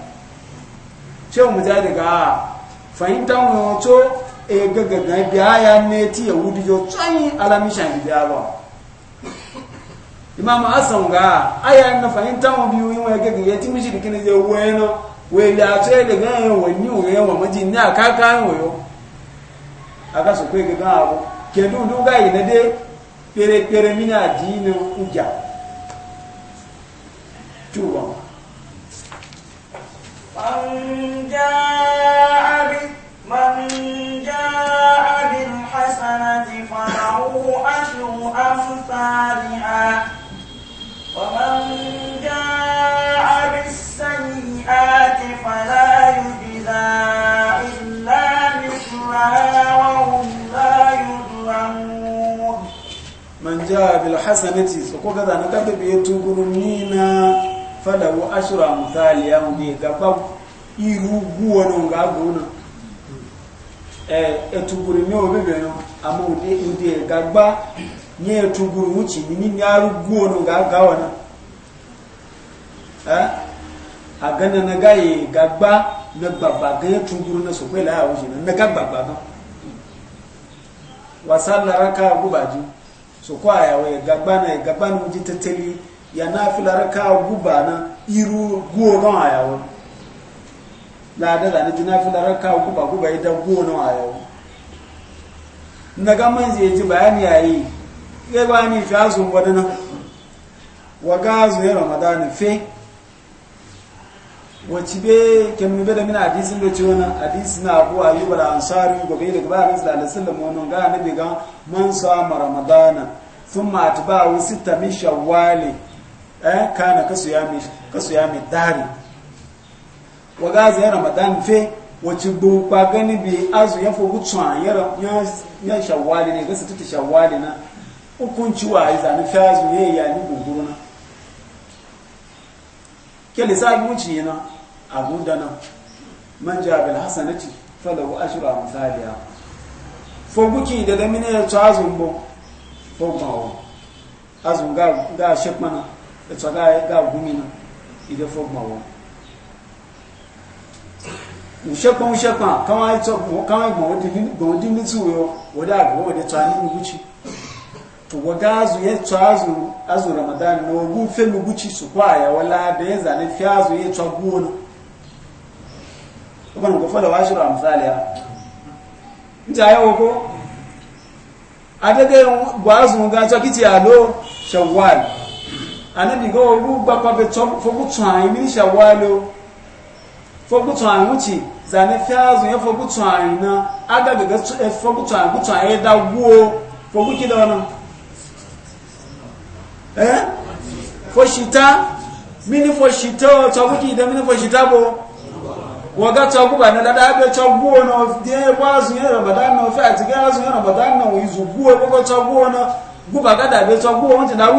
ce mu ja daga fahimta mu to e gaga ga biya ne ti yahudi yo tsayi ala mishani da ba imam asan ga aya na fahimta mu biyu yi wa gaga yati mishi dikini je weno wele ato ele gan wonyi oye wa maji ni akaka oyo aka so pe gan abo kedu ndu ga yi nede pere pere mi na السيئات فلا يجزى إلا مثلها وهم لا يظلمون من جاء بالحسنة سقوط هذا نكتب يتوقن مينا فله عشر أمثال يومي قبل iruguwa nan ga gona ní obìnrin náà àmọ́ òde ẹ̀gbàgbá ní ẹ̀tùgbùrù ní ní arúgbó ọ̀nà gàgà ọ̀nà a gana na gaye gagba na gbagba ganyen tunguru na sokwe la yawo shi na gbagba gan wasa laraka gubaji so ko a yawo ya gagba na ya gagba na ji tattali ya na fi laraka guba na iru goron a yawo na da na ji na fi laraka guba guba ya da goron a yawo na gaman zai ji bayani ya yi ya ba ni fi asun wadana wa ga gazu ya ramadana fe wacce be kemmi be da mina hadisin da ciwon hadisi na abu ayu bala ansari gobe gaba ba rinsu da alisallam wani ga na mun man sama ramadana sun mati ba wasu tamin shawwali eh kana kasu ya mi kasu ya mi dari wa ga zai ramadan fe wacce bu kwa gani bi azu ya fugu tsan ya ya shawwali ne gasa tuta shawwali na hukunci wa yi zani fazu azu ya yi ya ni gunguruna mu lissafi wuce yana abu da nan man ja bil hasanati falahu ashru amthaliha foguki da da mine ya ta zumbo fogmawo azun ga ga shekmana da ta ga ga gumina ide fogmawo ushekpan ushekpan kawai ito kawai gbọn di mitu yo wadda agbo wadda ta ni nguci to wadda azu ya ta azu azu ramadan no gu fe mu guci su kwaya wala da ya zane fi azu ya ta guwo kọ́nà kò fọ́lọ̀ wá ṣùrọ̀ àmúfàlẹ̀ à ń jẹ́ ayẹ́wò kó adẹ́gẹ́ gbọ́azùn ga tọ́kí ti àlò ṣẹ̀wàl anábìgọ́ orú gbapapẹ̀ fọ́gútùn àrin ní ṣẹ̀wàl o fọ́gútùn àrin wùchì zane fíázùn yẹ fọ́gútùn àrin náà agagẹ̀gẹ́ fọ́gútùn àrin gútùn àrin dá wó fọ́gúkí lọ́nà ẹ́ fọ́ṣìtá mí waga chakuba na dada abe na ofie bazu ya ramadan na ofie atige azu ya ramadan na uizu guo boko guba kada abe chaguo onje na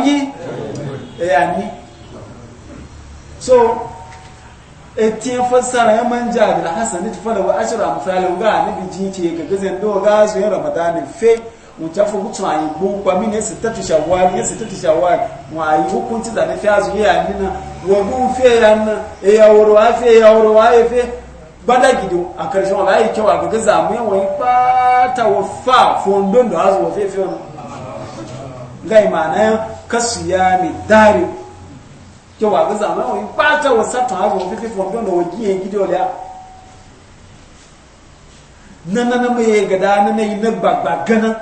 e, yani so etie fasara ya manja da hasan ne tafada wa ashra amsalu ga ne biji ce ga gazan do ga ya ramadan fe mutafu gutsu ayi bu hukunci da na bada gido a karshen wala yi kyau a gaga zamu yan wani bata wa fa fondon da hazu wa fefe wani gai ma'ana yan kasu ya mai dare kyau a gaza zamu yan wani bata wa sata hazu wa fefe fondon da wagi yan gido ya na na na mai gada na na yi na gbagba gana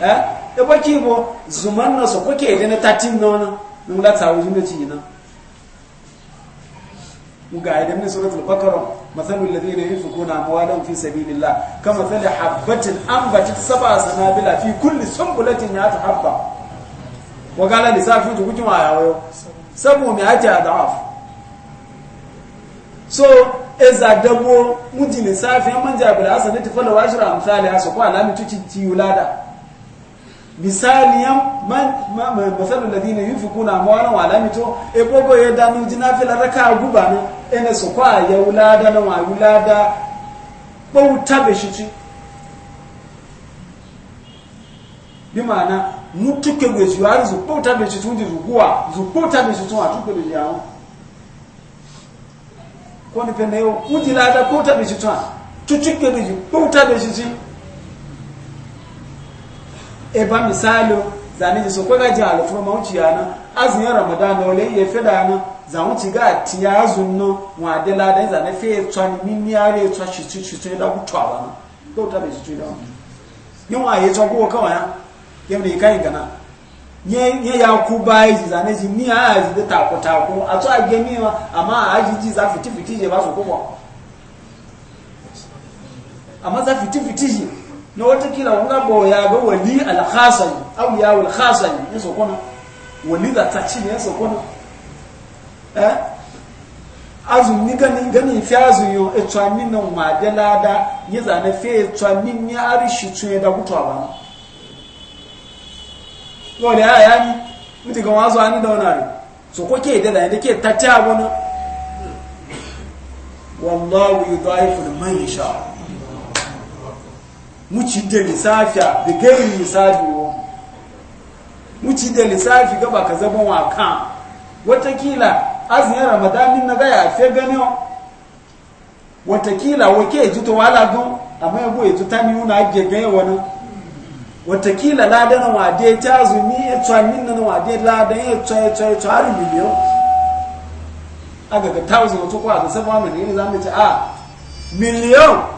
eh da baki bo zuman na so kwake da na tatin na wani nula tsawo jimda ci na ga idan min suratul baqara mathalul ladina yunfiquna amwalahum fi sabilillah kama thali habatin ambatat sab'a sanabila fi kulli sunbulatin ya وقال wa qala lisafi يا ويو سبو sabu mi so eza dabo muji an man ja bil ta fala wa ashra amsali aso ko alami tu ci misaliyan man mathalul ladina yunfiquna amwalahum wa to e bogo yedanu jinafila raka guba no ene su kwa ya wulada na wa wulada bauta be shi ci bi ma'ana mutuke gwe su zu k'o bauta be shi tunji zuguwa zu bauta be shi tun a tuke be yawo ko ni pene yo uji lada bauta be shi tun tutuke be shi bauta be shi ci e ba misalo zane ji sokwa gaji alufuro ma wuce yana ramadana wale iya azun wa zane ni ni ta yin wa kawai ya gana ya ku ji zane ji ni a ji da ta a gemi ma amma a ji za fiti fiti je ba su amma za fiti fiti je na watakila wanga bo ya ga wali al au ya wal khasani yaso kona wali da ta ci yaso kona eh azun ni gani gani fi azun yo e tsami na ma de lada yi zane fi e tsami ni arishi tun da gutu ba no ne aya ni muti ga wazo ani da wani so ko ke da da ke ta ta abona wallahu yudaifu man yasha muci da lissafi da gairin lissafi wo muci da lissafi gaba ka zama waka watakila azumin ramadanin na gaya fe ganin watakila wake ya to wala gun amma buwa ya tuta ni una ake gaye wani watakila ladan wade ta zumi ya tsawa min nan wade ladan ya tsawa ya tsawa ya tsawa har a ga ga 1000 to ko aga 700 da zamu ci a miliyan.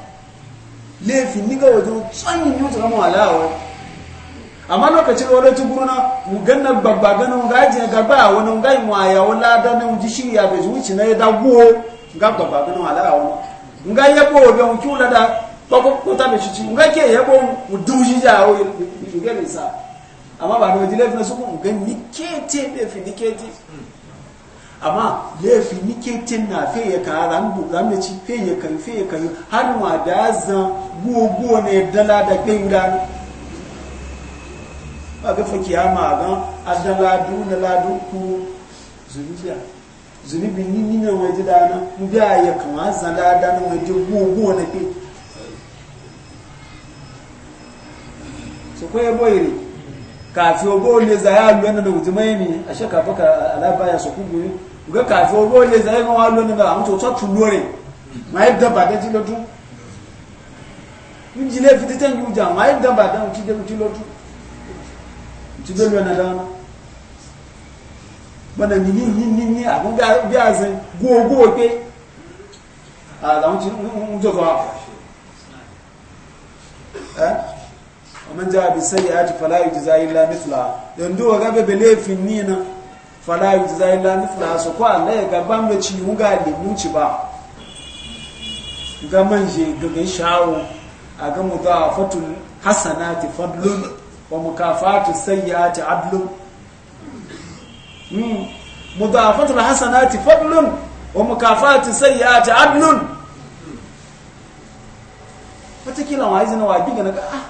laifin niga wajen tsanyin yi tsaron walawa amma lokacin wani tuguru na ganna gbagba ganin ga gaba a wani ga imu a yawon lada na wuji shi ya bai zuci na ya dago ga gbagba ganin walawa ga yabo obi wani kiwu lada kwakwata bai ga ke yabo mudu ja a wani ga nisa amma ba da wajen laifin na suku ga nikete laifin te. amma laifi nikitin na fe ya ka rambu da ci fe ya kai fe ya kai har ma da zan gogo ne dala da kai da ba ga fa kiyama ga adala du na ladu ku zuriya zunubi ni ni na waje da na mu a ya kama zan da da na waje gogo ne fe so ko ya boyri kafi ogo ne za ya lu na da mai ne a shaka baka alabaya su kugu ga kafi ogo le zai ma walo ne ba mu to tu lore ma yadda ba da ti lotu mu jile fiti tan ju ja ma yadda ba da mu ti de mu ti lotu ti do na da na bana ni ni ni ni ni a da mu ti mu to fa eh ومن جاء بالسيئات فلا يجزى الا مثلها يندو غابه fala yujza illa mithla su ko Allah ya gaban mu ci huga da muci ba ga manje daga sha'o a ga hasana hasanati fadlun wa mukafatu sayyiati adlun hmm. fatun hasana hasanati fadlun wa mukafatu sayyiati adlun wata kila wa izina wa biga na ga ah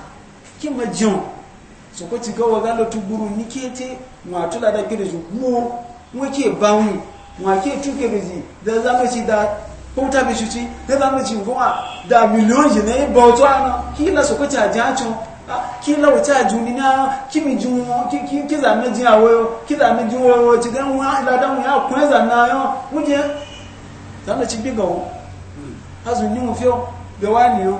kima majin soko ti gawa galo tuburu ni kete mwa tula da kire ju mo mo bawi mwa ke tuke bezi da za mu da pauta bi shuci da za mu ci da miliyon je ne ba to ana kila soko ta jacho kila wata juni na kimi jun ki ki ki za mu ji awo ki za mu ji wo ti gan wa da da mu ya kun za na yo muje za mu ci bigawo hmm. azu ni mu fiyo ni yo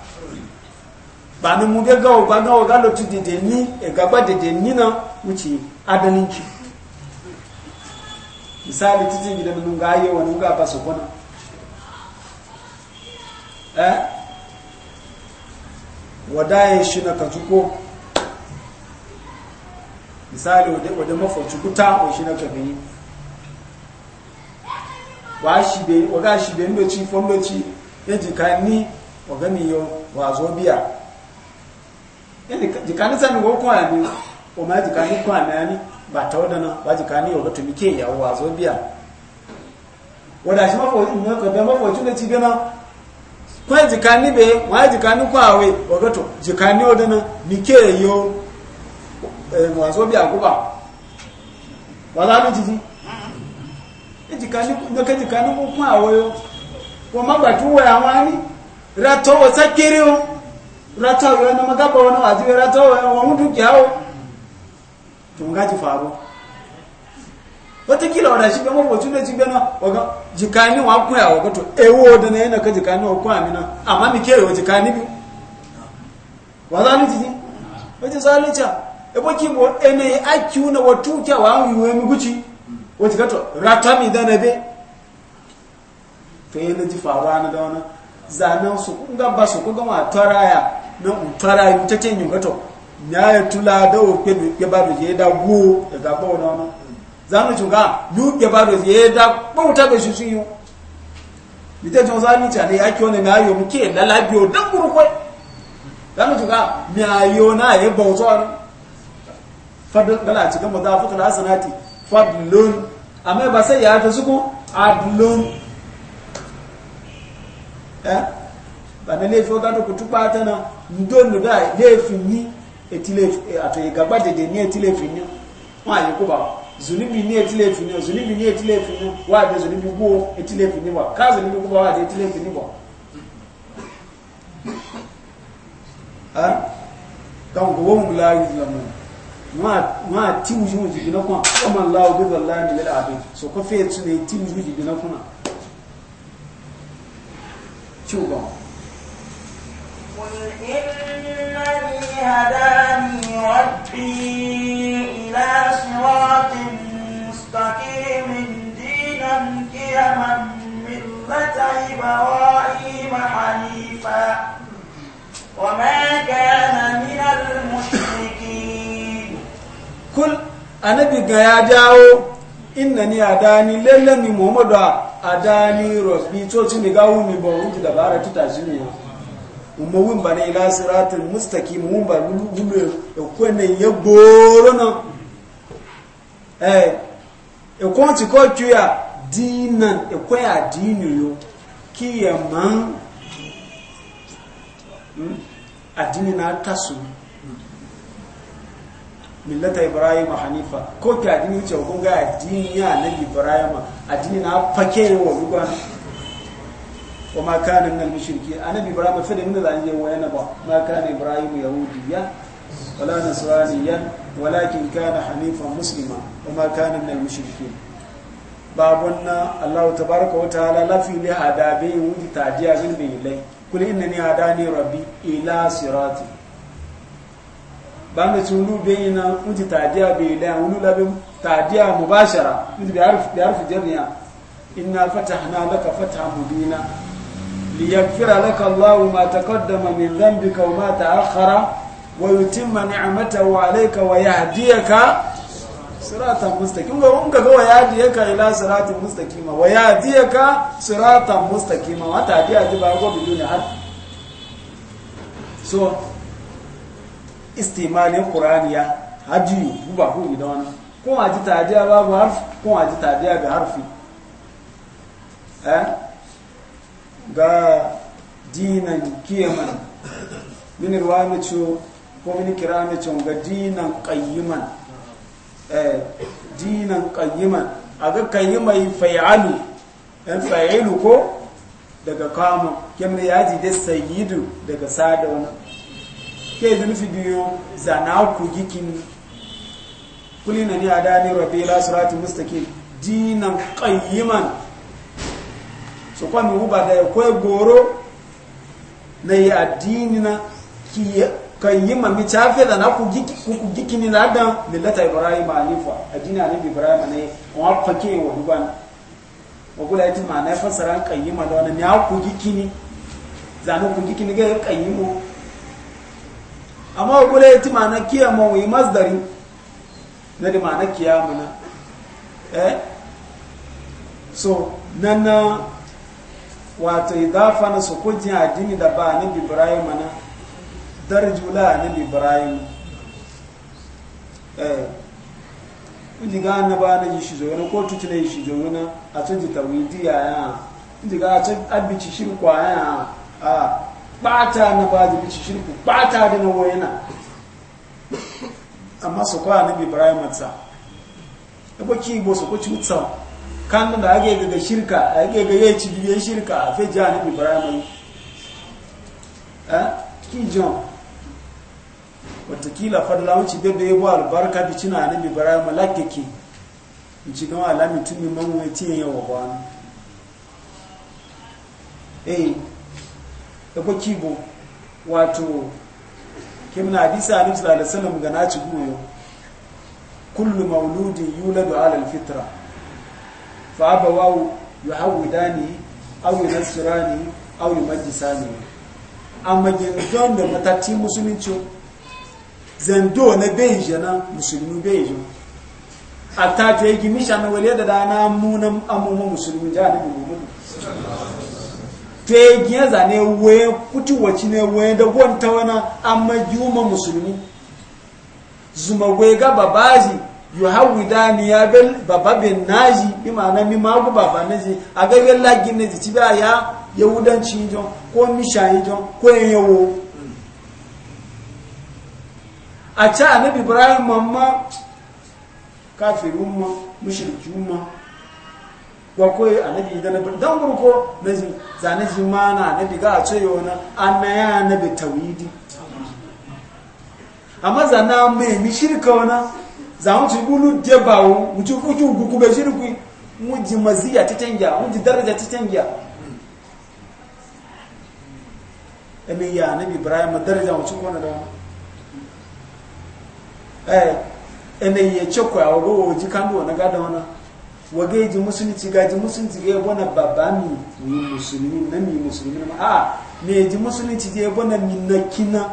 bani mu ga gawo ba gawo ga lotu dede ni ega gagba dede ni na wuce adalinki misali titin gida nun ga aye wani ga ba su kona eh wadaye shi na katuko misali wadda mafarci kuta o shi na kabini wa shi be waga shi be ndoci fondoci yaji ka ni waga mi yo wa zo biya jikani sani go ani o ma jikani ko ani ba ta wadana ba jikani mike ya wa zo biya wada shi mafo in ko be mafo tun ci bena ko jikani be wa jikani ko awe o to jikani mike yo e eh, mo zo biya ko ba wala mi jiji e jikani no jikani ko ko awe yo ko ma ba tuwa ya wani to wa yo rata ratawe na magaba wani wajibi ratawe wa mutu kyawo to mun gaji faru watakila wada shi ga mabocin da ci gana waga jikani wa kuya waga to ewo da na yana ka jikani wa kuya na amma mi kere wa jikani bi wa za ni jiji wace zalica ebo ki bo ene akiu na watu kya wa mu we mi guci wace ka to ratami da na be to yana ji faru ana da wannan zanen su kun gaba su kun gama taraya na utara yi ta cin yugato ya yi tula da oke da ya bado ya da go ya ga bawo na wani zanu cuga yu ya bado ya da bauta da shi sun yi bita tun zanu ta ne yake wani na yi muke da labiyo dan gurkwai zanu cuga mi ayo na ya bauta wani fadl gala cikin mazafutul hasanati fadlun amma ba sai ya ta suku adlun eh bana laifi ogado kutu kpata na ndonu da fi ni ato igagba dede ni eti laifi ni wọn àyè kó bá zunubi ni eti laifi ni zunubi ni eti fi ni wà á bẹ zunubi gbó eti fi ni wà ká zunubi gbó wà á bẹ eti fi ni wà. kan ko wọn wula yi lamu ma ti wuji wuji bi na kuma o man lawo bi wallahi ni lada abin so ko fe tu ne ti mu wuji bi na kuma. Ciwo قل إنني هداني ربي إلى صراط مستقيم دينا قيما ملة إبراهيم حنيفا وما كان من المشركين كل annabi ga ya dawo inna ni adani lallan ni muhammadu adani rabbi to da gawo mi bo wuti dabara tuta shi ne umawimba na ila siratin mustaqim wumba gudu ya kwene ya gboro na eh e ko ti ya dina e ko ya dinu yo ki ya man hmm, adini na tasu millata ibrahim hanifa ko ki adini ce ko ga adini ya nabi ibrahim adini na fake wa lugana وما كان من المشركين انا ابراهيم فدي من زان وين با ما كان ابراهيم يهوديا ولا نصرانيا ولكن كان حنيفا مسلما وما كان من المشركين بابنا الله تبارك وتعالى لا في لي عذاب يهودي تاجيا من بيلي قل انني هداني ربي الى صراطي بعد تقولوا بينا be تاجيا بيلي tadiya be تاجيا مباشرة labin tadiya mubashara wuti إن فتحنا لك harfi jarniya ليغفر لك الله ما تقدم من ذنبك وما تأخر ويتم نعمته عليك ويهديك صراطا مستقيما وانك هو يهديك الى صراط مستقيم ويهديك صراطا مستقيما وتهدي ادبا بدون حد so istimali qur'ani ya haji buba hu idan ko haji tadiya babu harfi ko haji tadiya ga harfi eh ga dinan kiyaman min ruwamicu ko min kiramicin ga dinan eh, dinan eh a ga aga qayyimai fa'alu ɗan fa'ilu ko daga kama kemne yaji da sayidu daga sada wani ke zulfi biyo zana ku gikin kulina ni a rabbi lasu sirati mustaqim dinan ƙayiman. so kwa mi huba da kwa goro na yi addini na ki kan yi mi tafe da na ku giki ni na dan millata ibrahim alifa addini alibi ibrahim ne wa fake wa duba wa kula yi ma na fasara kan yi ma da wani ya ku giki ni ku giki ni ga kan yi mu amma wa kula yi ma na kiya ma yi masdari na da ma na mu na eh so nan na wato idafa na su a addini da ba ni ibrahim na darjula ni ibrahim eh ndiga na ba na yishi zo na ko tuti na yishi zo na a tun ji tawidi ya ya ndiga a tun abici shirku a ya a bata na ba ji bici shirku bata da na wayana amma su kwa ni ibrahim ta ebo ki bo su ko ci utsa kanun da ake ga shirka ake ga ci biyan shirka a fe jihar ibrahim eh ki jon watakila fadla wuce bebe bu albarka bi cina a bi bara malaka in ci gama alami tun min mamu ya tiye yawa ba eh da kwa kibo wato kim na hadisa alim sallallahu alaihi wasallam ga na ci goyo kullu mauludin yuladu alal fitra fa abawahu yuhawidani aw yunasirani aw yumajjisani amma gindon da matatti musulunci zando na beije na musulmi beije a ta ta yi wale da dana munan amuma musulmi ja da muhammadu ta yi giya zane waye kutuwaci ne waye da gwanta wani amma yuma musulmi zuma waye gaba baji yuhawidani ya bel baba bin naji imana ma'ana mi magu baba naji a ga bel lagin naji ci ba ya yahudanci jon ko mishayi jon ko yawo a ca annabi ibrahim mamma kafirun ma mushrikun ma wa koyi annabi idan nabi dan gurko naji zane ji mana annabi ga a ce yona annaya annabi tawidi amma zana mai mishirka wana zamu ci bulu de bawo mutu kuju guku be shirku muji maziya titenja muji daraja titenja emi ya nabi ibrahim daraja mu mutu kona da eh ene ye chokwa ogo oji kando na gada wana wage ji musulunci gaji musulunci ga yabo na baba mi ni musulmi na mi musulmi na a ah, me ji musulunci ga yabo na mi na kina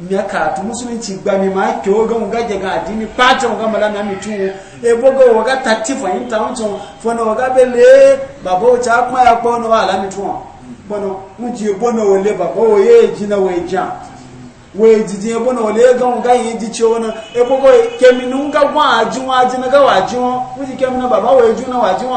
myakatu musulunci gbami ma ke oga nga jega adini pata nga mala na mitu e boga waga tatifa inta unto fono waga bele babo cha kuma ya kono wala mitu bono unji bono wole babo ye jina we ja we jiji bono wole ga nga yi ji chona e boga kemi nunga kwa ajun ajina ga wajun uji kemi na baba we juna wajun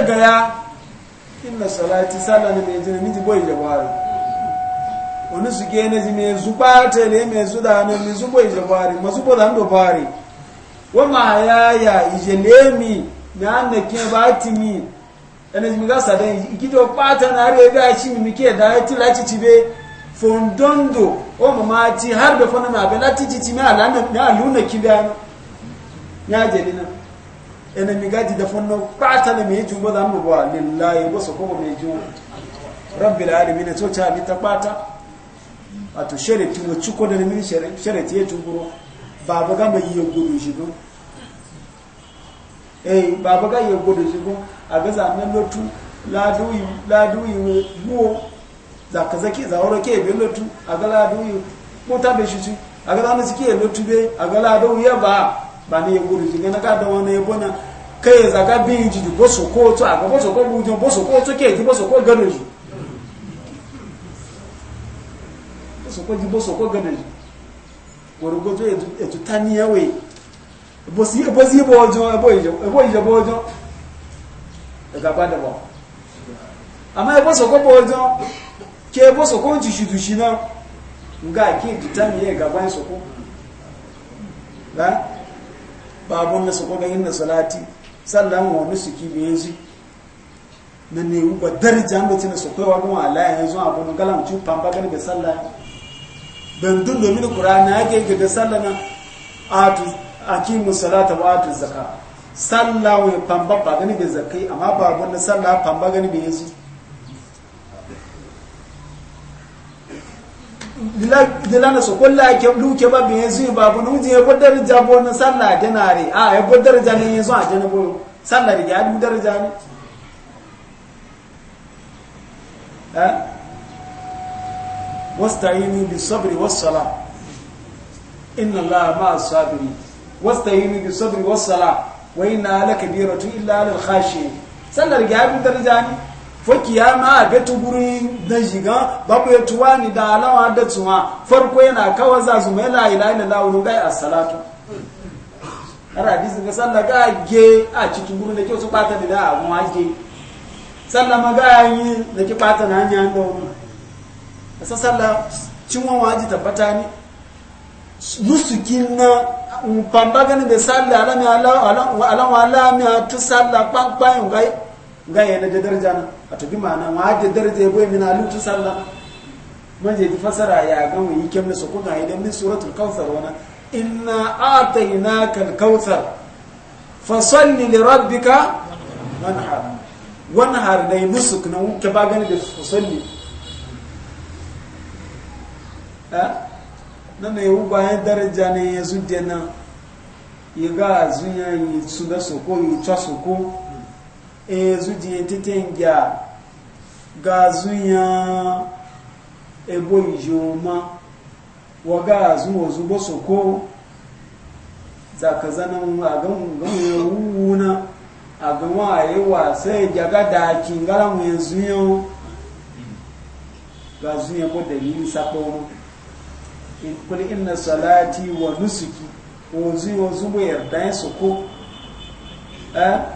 ke gaya inna salati sallan mai jini miji boye jabari wani su ke na jini zuba ta ne mai da ne mai zubo ya jabari masu bo zan dobari wama ya ya ijelemi na an ke ba timi ẹni jimi gasa dẹ ìgídọ̀ pátá na rí ẹgbẹ́ àti mímí kí ẹ̀dá ẹtí láti ti bẹ fòndóńdò ó mọ̀ máa ti harbẹ̀ fọ́nà máa bẹ láti ti ti mẹ́ àlúnà kí bẹ́ ní àjẹ̀lẹ́ ene mi gaji da fanno bata ne mi jumbo da mu wa lillahi wasu ko mi ju rabbil alamin to ta mi ta bata ato shere ti wo chuko da mi shere shere ti jumbo baba ga mai yi gudu shi go eh baba ga yi gudu shi go a ga zanen lotu laduyi laduyi wo za ka zaki za woro ke bi lotu a ga laduyi ko ta be shi a ga zanen suke lotu be a ga laduyi ya ba ba ne guri ji gana ga da wani bona kai za ga bin ji ji boso ko to aga boso ko bu ji boso ko to ke ji boso ko gano ji boso ko ji boso ko gano ji gorogo to e to tani yawe bosi bosi bojo e bojo e bojo bojo e ga bada bo amma e boso ko bojo ke boso ko ji shi dushi na nga ke ditami e ga ban soko la babun nasu su koga yin na salati sallan wani su kibi yanzu na ne ba darija da cin su kowa kuma alaya yanzu a gudun galan cikin pamba gani ga sallah dan dun domin qur'ani yake ga da sallah na a akimu salata wa a zakka sallah wa pamba ba da zakai amma babun na sallah pamba gani bai yanzu dilana so kolla ke luke ba bin yanzu ba bu nuje ya bodar jabo na sallah janare a ya bodar jani yanzu a jana bo sallah riga du daraja ne eh wasta'inu bi sabri was sala inna allaha ma'as sabirin wasta'inu bi sabri was sala wa inna lakabiratun illa lil khashiyin sallah riga du daraja ne fokiya ma a ga tugurin da shiga babu ya tuwa ni da alawa da tuwa farko yana kawai za su mai la'ila ila la'uru gai a salatu bi su ga sallah ga ge a cikin gurin da ke su bata da da mu ake sallah ma ga yi da ke bata na hanya da wuri asa sallah cinwan waji tabbata ne nusukin na pamba um, gani da sallah alami alawa alami tu sallah kwankwayin gai gai na da darjana a tafi ma'ana ma hajji daraja ya bai mina lutu sallah manje ta fasara ya ga yi kyan su kuna idan min suratul kautsar wana inna na kan kautsar fasalli li rabbika wanhar wanhar dai musu na ke ba gani da fasalli eh na ne wu bayan daraja ne ya dena nan ya ga zunya yi su da soko yi ta soko e zuji titenga ga zuya ebo ijoma waga zuwa zubo soko zaka zana agan wuna agan waye wasai jaga daki ngara mu yanzu yau ga zuya ko dalilin sakon kul inna salati wa nusuki ozu zuwa zubo yardan soko eh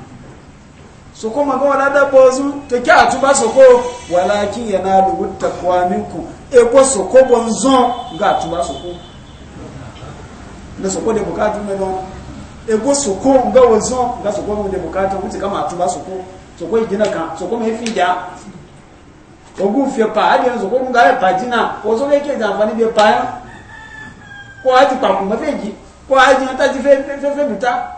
so kuma ga wala da bozu to ki atuba soko walakin yanalu taqwa minkum e ko soko bonzo ga atuba soko na soko de bukatu ne no e ko soko ga wonzo ga soko mu de bukatu kuti kama atuba soko soko igina kan soko me fija ogun fiye pa ali soko mu ga pa jina o so ke ja fani pa pa ko ati pa ku me feji ko aji ta ti fe fe fe bita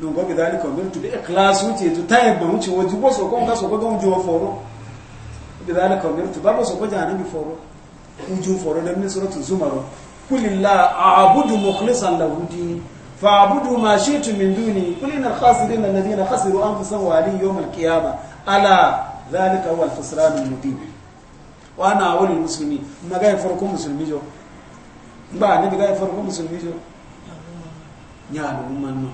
nungo bidhalika umirtu bi ikhlas wuti tu tayba wuti wuti boso ko ngaso ko don jo foro bidhalika ba babo so ko jana bi foro uju foro da min suratu zumar kulillah a'budu mukhlishan lahu dini fa'budu ma shi'tu min duni kulina khasirin alladhina khasiru anfusahum wa alayhim yawm al-qiyamah ala dhalika huwa al-khusran al-mubin wa ana awwalul muslimin magai farko musulmi jo ba ne bi ga farko musulmi jo ya al'umman nan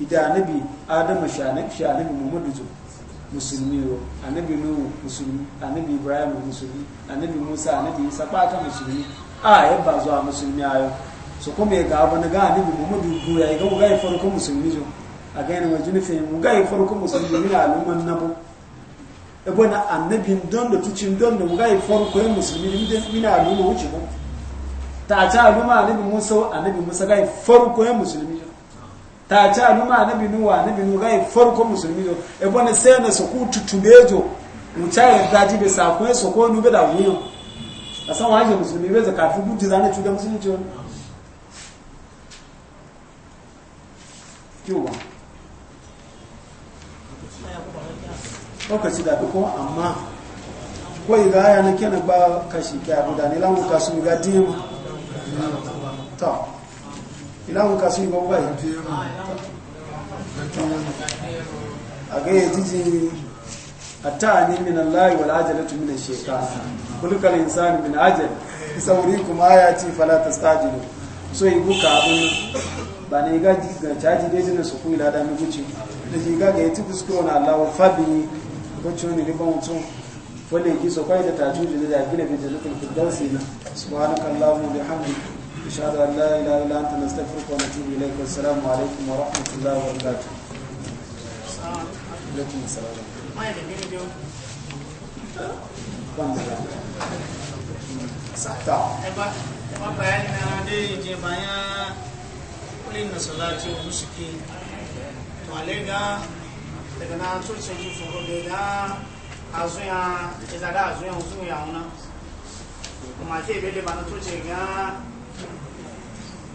ida anabi adamu shi anabi muhammadu zo musulmi yo anabi nuhu musulmi anabi ibrahim musulmi anabi musa anabi isa fata musulmi a ya ba zuwa musulmi ayo so kuma ga abu na ga anabi muhammadu goya ya ga ga farko musulmi zo a ga yana majini fe mu ga farko musulmi na al'umman nabu ebo na annabi don da tucin don da mu ga farko ya musulmi da mina al'umma wuce ko ta ta al'umma anabi musa anabi musa ga farko ya musulmi ta ci aluma na wa na binu gai farko musulmi jo e bone sai na su ku tutube jo mu ta yarda ji be sakon su ko nube da wuyo a san waje musulmi be zaka fi gudu zana cuda musulmi jo kiwa lokaci da ko amma ko idan ya na kenan ba kashi kya da ni ne lamu kasu ga dima ta Ina kasu yi gbogbo yi a ga yi jiji a ta ni min allahi wal ajalatu min sheka kulkal insani min ajal sauri kuma ya ci fala tastajilu so yi buka abin ba ne ga ga caji da ji ga ga yi tuku suke wani ki so kwai da tatu da da gina da firdausi na subhanakallahumma أشهد أن لا إله إلا أنت نستغفرك ونتوب إليك والسلام عليكم ورحمة الله وبركاته عليكم السلام Sakta. wa musiki. To alega daga na turce ji furo da ya azuya, izada azuya, azuya una. Kuma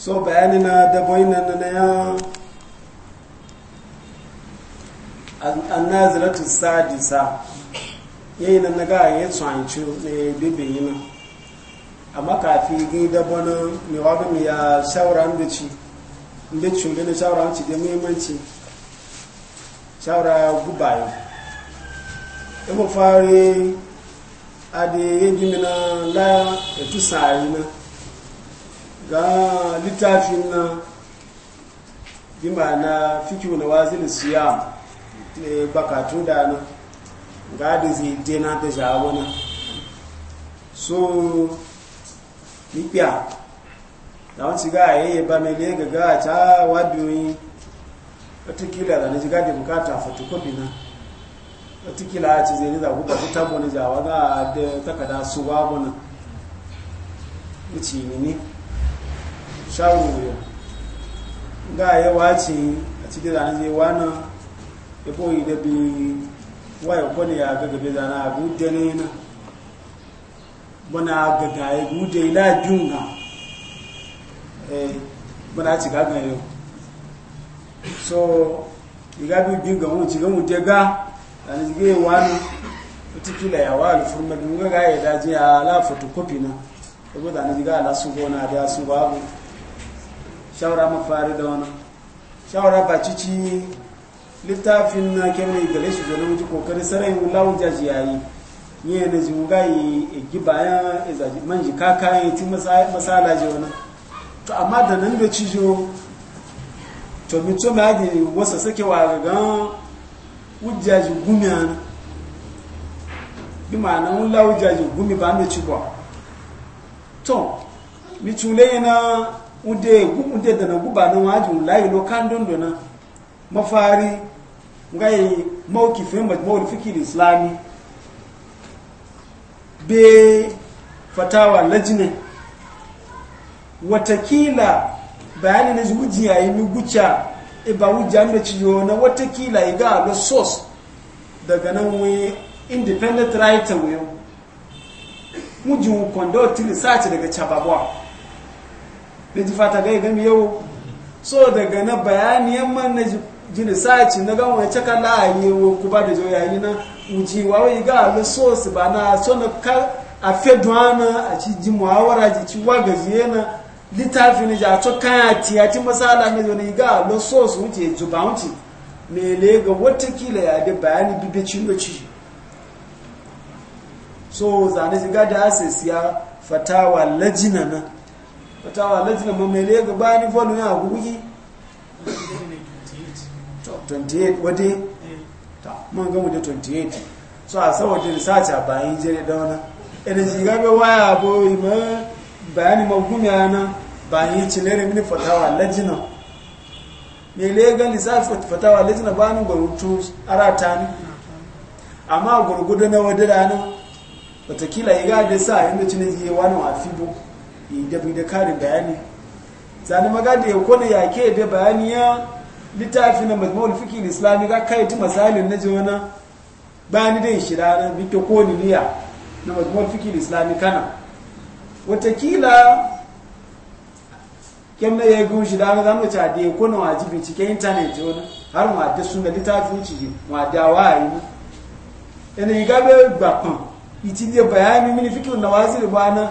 so bayani na dabai nan na ya annazilatu sadisa yayi nan naga ya tsanci ne bibiyi nan amma kafi gi dabana mi wada mi ya shawara da ci inda ci da na shawara ci da muhimmanci shawara gubayo ibo fare ya yedi na ya etu sari na ga littafin na bima na fikiyu na wazin siya ne bakatu da na ga da zai dena da zawo so nipiya da wani ga yayi ba mai lega ga ta wadoyi watakila da na ji gadi bukata fotokopi na watakila a ci zai riza guba fitar wani jawa na da takada su babu na wuce ne shawarwuyo ga ya wace a cikin zanen zai wana ya koyi da bi waya kone ya ga gabe zana a gudu ne na bana ga gaye gudu ila junga eh bana ci ga gayo so iga bi bi ga mu ci ga mu daga zanen zai yi wani watakila ya wali furma dunga ga ya daji a lafa na ya zanen zai ga ala su gona da su babu shawara mafari da wani shawara ba cici littafin na kemgbe da lesu zanen wuce kokari sarai lawun jaji yayi yi yana ji wuga yi egi bayan izaji man ji kaka yi ti masala ji wani to amma da nan da cijo to mi to ma agi wasa sake wa gagan wujaji gumi ana bi ma'ana wula wujaji gumi ba mai ci ba to mi tule yana ude ude da na guba na wajin layi lo kan dondona mafari ngai mawkifin majmu'ul fiqh islami be fatawa lajine watakila bayani na zuji yayi mi guca e ba wuja mi ci yona watakila iga lo sos daga nan we independent writer we mujin kondo research daga chababwa da ji fata ga gami yau so daga na bayaniyan man na jini saci na gama wace kala a yi ku ba da jo yayi na uji wa wai ga alu so su ba na so na ka a fe duwana a ci ji muhawara ji ci wa gajiye na littafi ne ja to kan ati ati masala na jo ne ga alu so su wuce ju ba wuce me le ga watakila ya da bayani bibe ci wuce so zane ji ga da fata fatawa lajina na wata wa latina mu mele ga bani volu ya gugi 28 wade ta mun ga mu da 28 so a saboda research a bayan jere da wani energy ga ga waya bo ima bayani magumi ana bayan cinere mini fatawa lajina mele ga lissafi fatawa lajina bani gwarutu arata ne amma gurgudu na wadda da nan watakila ya ga da sa yadda cinere yi wani wafi buku idabi da karin bayani zane magada da yau kone yake da bayani ya littafi na mazmawul fikin islami ga kai ti masalin na jona bayani da shira na bito kone niya na mazmawul fikin islami kana watakila kemna ya gun shi na zamu ta da ya kone wajibi cikin intanet jona har ma da sun da littafi ci ma da wayi gabe igabe iti itinde bayani mini fikin nawazir bana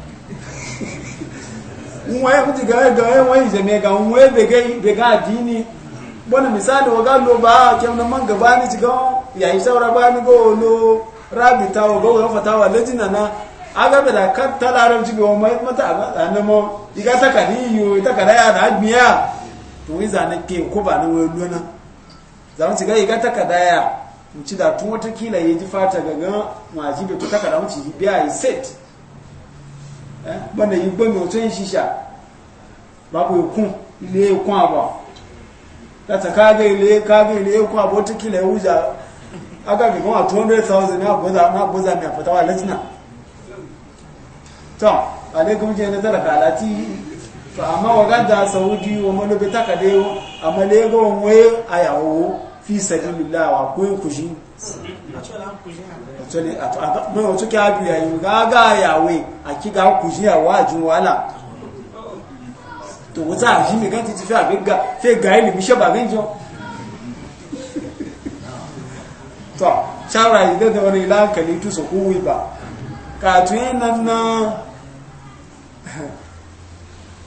nwa kuti ga ga wa ije me ga nwe be ga be ga dini bona misali waga lo ba ke na man gaba ni jiga ya isa ra ba ni go lo rabi ta go go fata wa lejina na aga be da ka ta la ran jiga go mai mata ba na mo iga ta ka ni yo ta ka ya da biya to wi za na ke ko ba na we lo na za mu jiga iga ta ka da ya mu ci da tun wata kila yaji fata ga ga ma ji be to ta ka da mu ci biya i set gbọ́nà eh? yìí gbọ́nà tó ń ṣiṣà babu ikun ilé ikun àbọ̀ láti káàgé ilé káàgé ilé ikun àbọ̀ tí kílẹ̀ wújà agagì kan wà 200,000 ní àgbóza ní àgbóza ní àfẹ́tàwà lẹ́tìnà fi sabilillah wa ko kuji atole ato no to ka bi ayi ga ga yawe akiga kuji ya waju wala to wuta ji mi kan ti fi abi ga fe ga ile mi sheba benjo to chara ide de woni la kan ni tu so ku wi ba ka tu nan na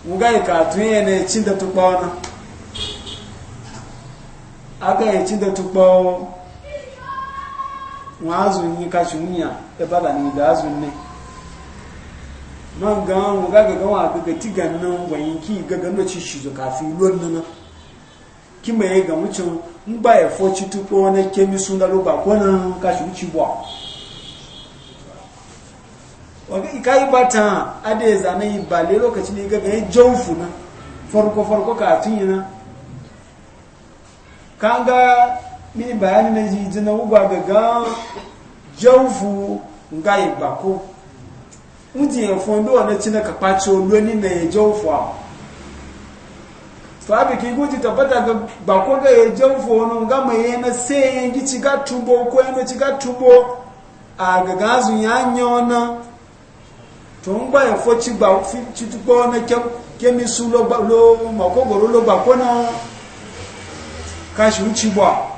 ugai ka tu ne chinda tu pa na aka yi ci da tukpo wọn azun yi kashi wunya da baba ni da azun ne man gan wọn gaga gan wọn gaga ti gan nan wani ki gaga na ci kafin lon nana ki mai ga mucin n ba ya fo na tukpo wani kemi sun galo ba ko nan kashi wuci ba wani ka yi bata ade zane yi ba le lokacin yi gaga ya jan funa farko farko kafin yi kanga mini bayani na ji na ugwa gaga jawfu nga ibako uji en fondo na china kapacho loni na jawfu a sabi ki guji tabata ga bako ga jawfu ono nga mai na sai ngi chiga tumbo ko eno chiga tumbo a gaga zu ya to ngba en fo chigba fi na kemi su lo lo makogoro lo na kashi wuce ba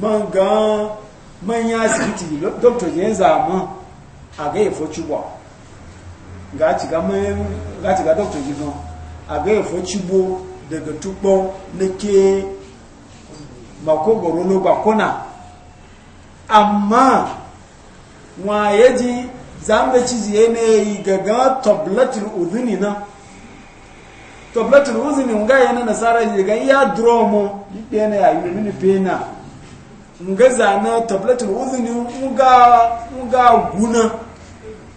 man ga manya asibiti doctor ya zama a ga ya foci ba ga ci ga doctor gizon a ga ya foci bo daga tukpo na ke makogoro lo bakuna amma wa yaji zamba cizi ne gaga tablatin udhuni na to platin uzini nga yana nasara ga ya dromo yipe na ya mini pena nga zana to platin uzini nga nga guna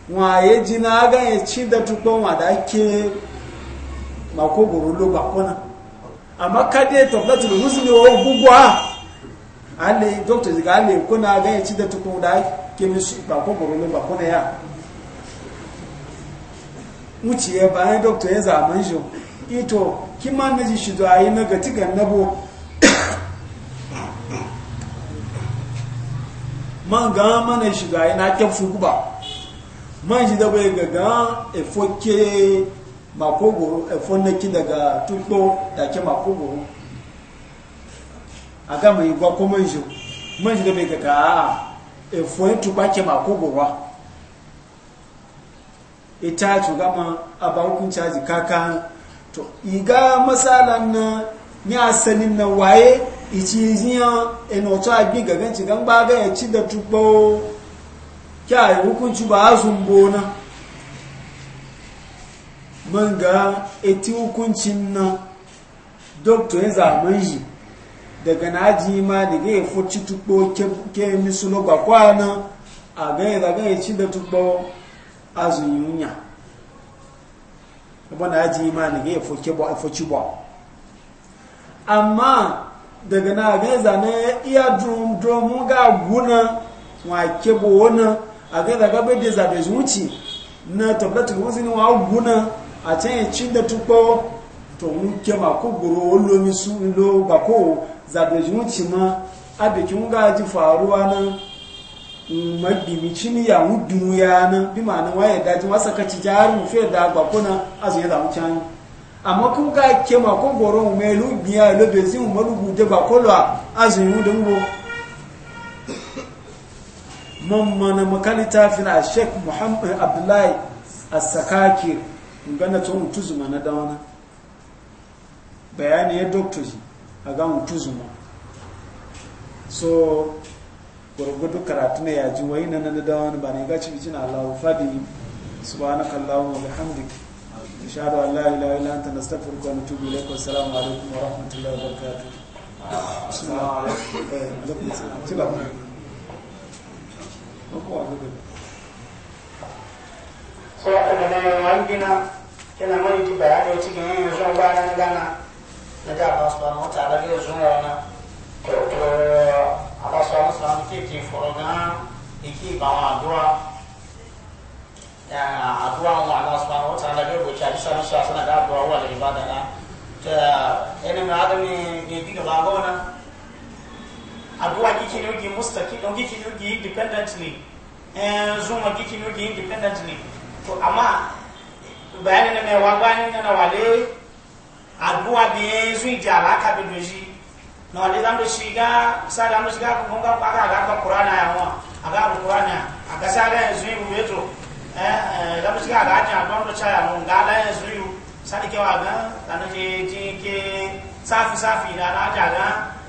wa ye na ga ya cinda tukon wa da ke makogoro lo ba kona amma kade to platin uzini o gugwa ale doctor ziga ale kuna ga ya cinda tukon da ke mi su makogoro lo e ba kona ya wuce bayan doctor ya e zaman shi ito kima na ji shi zuwa yi na gati ga nabo man ga mana shi zuwa yi na kyan fuguba man shi ga yi efo ke makogoro efonaki daga tukpo da ke makogoro a gama yi gwakwa man shi man ji zaba ga gaga a e yi tukpa ke makogoro ita tu gama a bankun caji kaka to iga masalan na ni asalin na waye ichi jiya eno to agbi gagan ci gan baga ya ci da tubo kya yi hukunci ba azun bona man ga eti hukuncin na doctor ya zaman yi daga na aji ma daga ya fuci tubo ke misulo na a ga ya zaga ya ci da tubo azun yunya bana ji imani ga foke ba foci ba amma daga na ga zane iya drum drum ga guna wa ke bo wona a ga daga bai da zabe zuci na tabbata ga musulmi wa guna a can cin da tukpo to mun ke ma ko goro lo mi su lo ba ko zabe zuci ma abikin ga ji faruwa nan madimi chini ya wudu ya nan bi ma'anin waye daji wasa kaci mu fiye da gba kuna azu da zamu can amma kun ga ke ma kun goro mu mai biya ya lobe zin mu malubu da gba kolo azu mu da mu mamma na makalita fi na Sheikh Muhammad eh, Abdullahi a sakaki gana tun mutuzuma na dawana bayani ya doktoji a ga mutuzuma so gurgudu karatu na yaji wai na na da wani ba ne ga ci bijin Allah fadi subhanaka Allahumma wa bihamdik ashhadu an la ilaha illa anta nastaghfiruka wa natubu ilayk wa assalamu alaykum wa rahmatullahi wa barakatuh assalamu eh, alaikum ko ne mai bayani cikin gana na ta ba zuwa aba sɔ ɔmo sɔrɔ ɔmo kéèké fɔlɔ gan ba wọn adura adura wọn ala sɔ ɔmo sɔrɔ ala bɛ bɔ kyi abisa no sɔ asana bɛ adura wọn ale ba dada tɛ ɛnɛ mɛ adami ebi ni o gi mustaki o ni gi independently ni independently to ama bayani na mɛ wa wale adura bi zun ija alaka bi no aliza ndo shiga sala ndo shiga kunga aga aga ka qur'ana ya wa aga bu qur'ana aga sala ya zui bu yeto eh la eh, ndo shiga aga ja ndo ndo chaya mo ga la ya zui sadi ke wa ga tana je je ke safi safi na na ja ga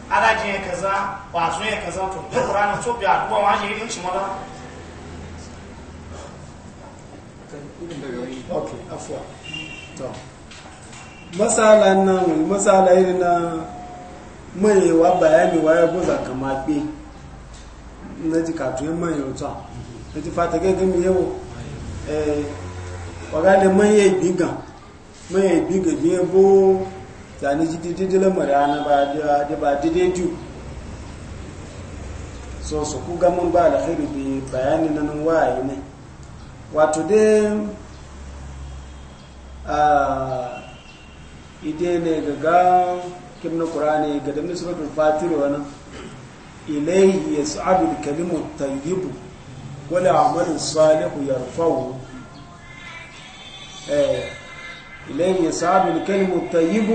aga je kaza wa zui kaza to bu qur'ana to biya ko wa je din shi mala okay afwa to masala nan masala irin na mayewa bayani waya goza kama pe na ji katuyen manyan ta na ji fata gẹ́gẹ́ mi yau ọ̀gálẹ̀ manyan ìgbígan manyan ìgbígan bí i bó zane ji dídí lẹ́mọ̀rẹ́ adébádédé jù so su kú ba alheri bi bayani nan waye ne wato dai ide ne gaga kim na qur'ani ga da suratul fatir wana ilayhi yas'adu al-kalimu at-tayyib wal a'malu salihu yarfa'u eh ilayhi yas'adu al-kalimu at-tayyib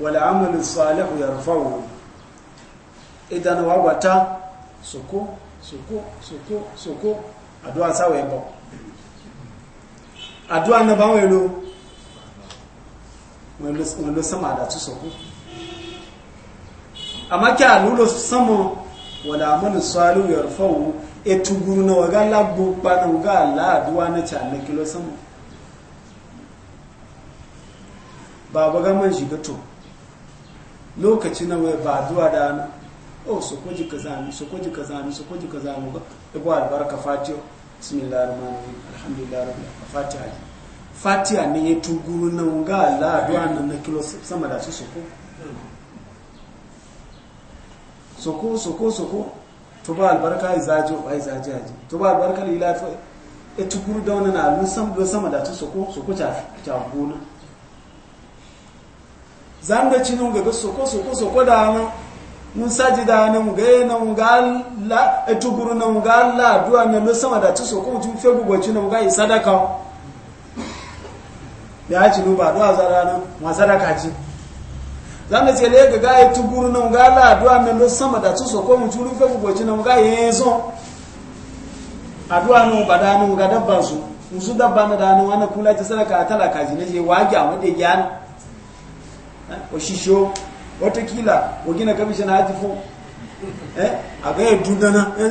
wal a'malu salihu yarfa'u idan wagwata suko suko suko suko addu'a sawa yabo addu'a na bawo lo wọ́n da sọ́mọ̀ àdàtú sọ́kú amma kí àlúlò sánmọ̀ wọ̀dà àmọ́nà sọ́lú yọ̀rọ̀fọ́wọ́ ètò e gúrù náà wọ́gá lágbó padà wọ́gá aláàdúwà náà ci àlẹ́kí lọ sánmọ̀ ba wọ́gá man shiga to lokaci na wai ba duwa da na oh, o su kwaji ka zami su kwaji ka zami su kwaji ka zami ba ibu e albarka fatiyo bismillah rahman alhamdulillah rabbil alamin fatiha fatiha ne ya tuguru nan ga aláàdúwà nan na kilo sama da su su ko soko soko soko to ba albarka izajo ba izaji aji to ba albarka lila to e tukur da wani na sam do sama da ta soko soko ta ta gona zan da cinu ga soko soko soko da nan mun saji da nan ga yana ga la e tukuru nan ga la duwa nan do sama da ta soko tun fe gugu cinu ga sadaka ya ci ba do zara nan ma sadaka ci zana ce le ga ya na ga la adua lo sama da tu so ko mu tulu fe bugo ci na ga aduwa adua bada no ga dabba su musu dabba na da no wana kula ta saraka talaka ji je a o shisho o gina eh a ga ya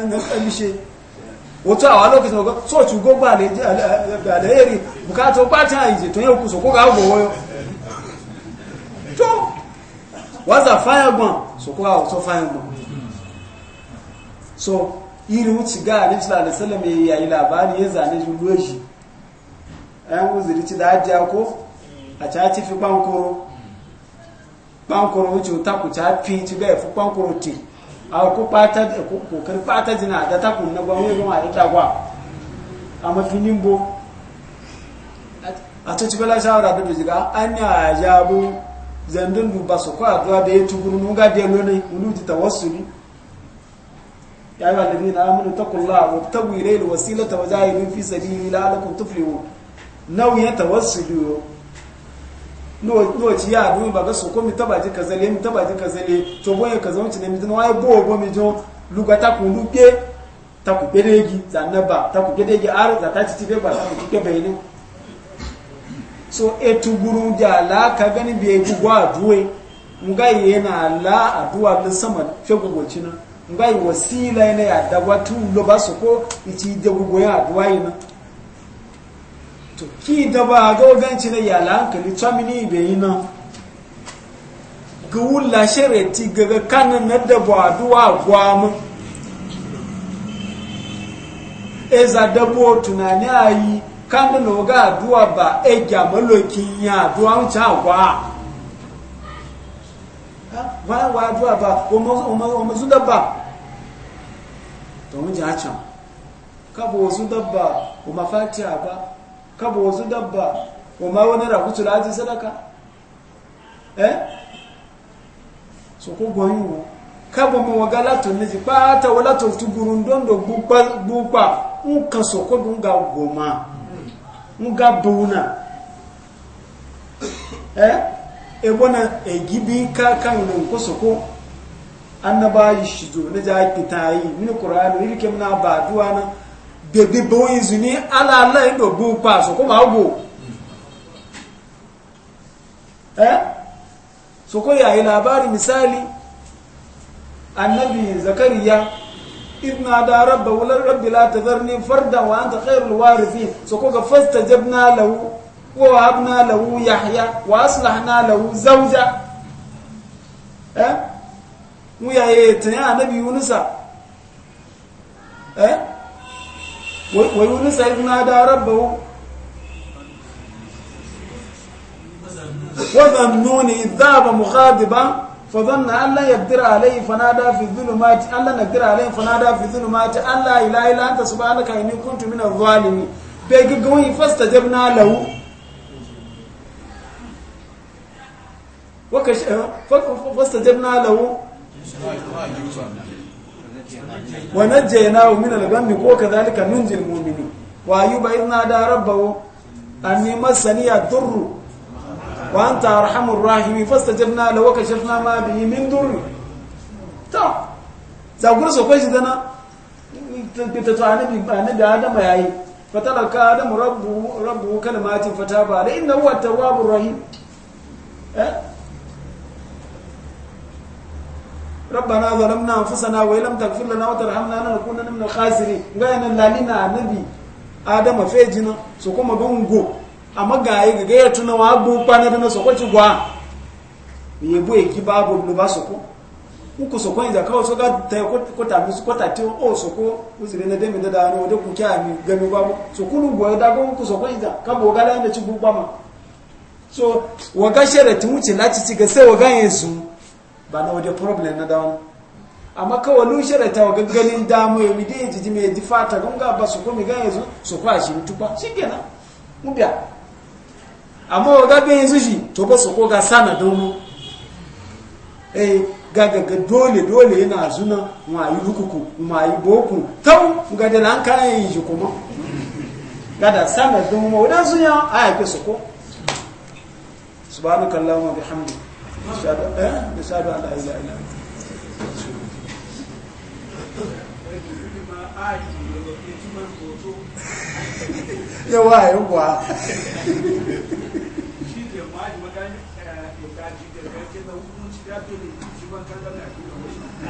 na kamishin wòtọ́ àwọn alókìsìn ọgọ́ tó waza fire gbọn so kó àwọn tó fire gbọn so iri wuce ga alif sallallahu alaihi wasallam yayi labari ya zane shi loji ayan wuzuri ci da ajiya ko a ca ci fi pankoro pankoro wuce ta ku ca fi ci ga fi pankoro ti a ku pata ko kar pata jina da ta kun na gwamnati gwamnati ta kwa a mafinin bo a ta ci bala shawara da jiga an a jabu zandun duba su kwa addu'a da ya tuguru mun ga da wani mun wasu ne ya a wata amanu taqullaha wasila ta waje wa rufi sabi yi lalakun tuflihun nauyin ta wasu liyo nuwaci ya addu'a ba ga su ko mi tabaji kazale mi tabaji kazale to boye kazan ci ne mi tun wai bo bo mi jo lugata ku luge ta ku bedegi zanaba ta ku bedegi ar za ta ci tibe ba ta ku kike so etuguru da ka gani bai gugu aduwe ngai yana la aduwa da sama fe gugoci na ngai wasila yana ya dagwa tun lo ba su ko ichi da gugu ya aduwa yana to ki da ba ga ganci na ya la hankali tsamini bai yi na gawula shareti gaga kanan na da ba aduwa gwamu eza dabo tunani ayi kando na oga aduwa ba egya malokin ya aduwa wuce agwa wa wa aduwa ba o mazu dabba to mun ji hacan kabo wasu daba o mafatiya ba kabo wasu dabba o ma wani rakutu da ajin sadaka eh so ko goyin wo kabo mo waga latin ne ji pata wala to tu burundon do gbupa nkan so ko dunga goma nga buna eh ebona egibi ka kan nan kusoko annaba yi shizo na ja kitayi min qur'an ni ke na ba duwa na bebe bo izuni ala ala ido bu pa so ko ma go eh so ko ya yi labari misali annabi zakariya إذ نادى ربه ولا رب لا تذرني فردا وأنت خير الوارثين سكوك فاستجبنا له ووهبنا له يحيى وأصلحنا له زوجة أه؟ ويا تنيا نبي يونس أه؟ ويونس إذ نادى ربه وذنون إذ ذهب مخاطبا فظن أن لا يقدر عليه فنادى في الظلمات أن لا نقدر عليه فنادى في الظلمات أن لا إله إلا أنت سبحانك إني كنت من الظالمين بيقوي فاستجبنا له وكش فاستجبنا له ونجيناه من الغم وكذلك ننجي المؤمنين وأيوب إذ نادى ربه أني مسني الضر wa anta arhamur rahimin fastajabna lahu wa kashafna ma bihi min durr to za gura so kwashi dana ta to annabi annabi adam yayi fatalaka adam rabbu rabbu kalmatin fataba ربنا ظلمنا انفسنا وان لم تغفر لنا وترحمنا لنكونن من الخاسرين غانا لالينا النبي ادم فيجنا سو كما بنغو amma ga yi ga gaya tuna wa abu kwana da na soko ci gwa ya buwa ki ba abu lu ba soko uku soko yi zakawa so ga ta yi ta mi su ta ti o soko uzire na demin da da no ku kya mi gami mi ba so kunu gwa da go uku soko za ka bo ga da ci bu ma so wa ga sharati wuce na ci ga sai wa ganye su ba na wadda problem na dawon amma kawai lushe shere ta gagganin damu ya mide jiji mai ji fata gunga ba su kome gan yanzu su kwa shi mutu ba shi kenan mubiya amma waga bai zuji to ba su koga sana domo eh gagaga dole dole yana zuna ma yi rukuku ma yi boku tau ga da nan yi ji kuma gada sana domo wadan zuya a aya su ko subhanakallahu wa bihamdi eh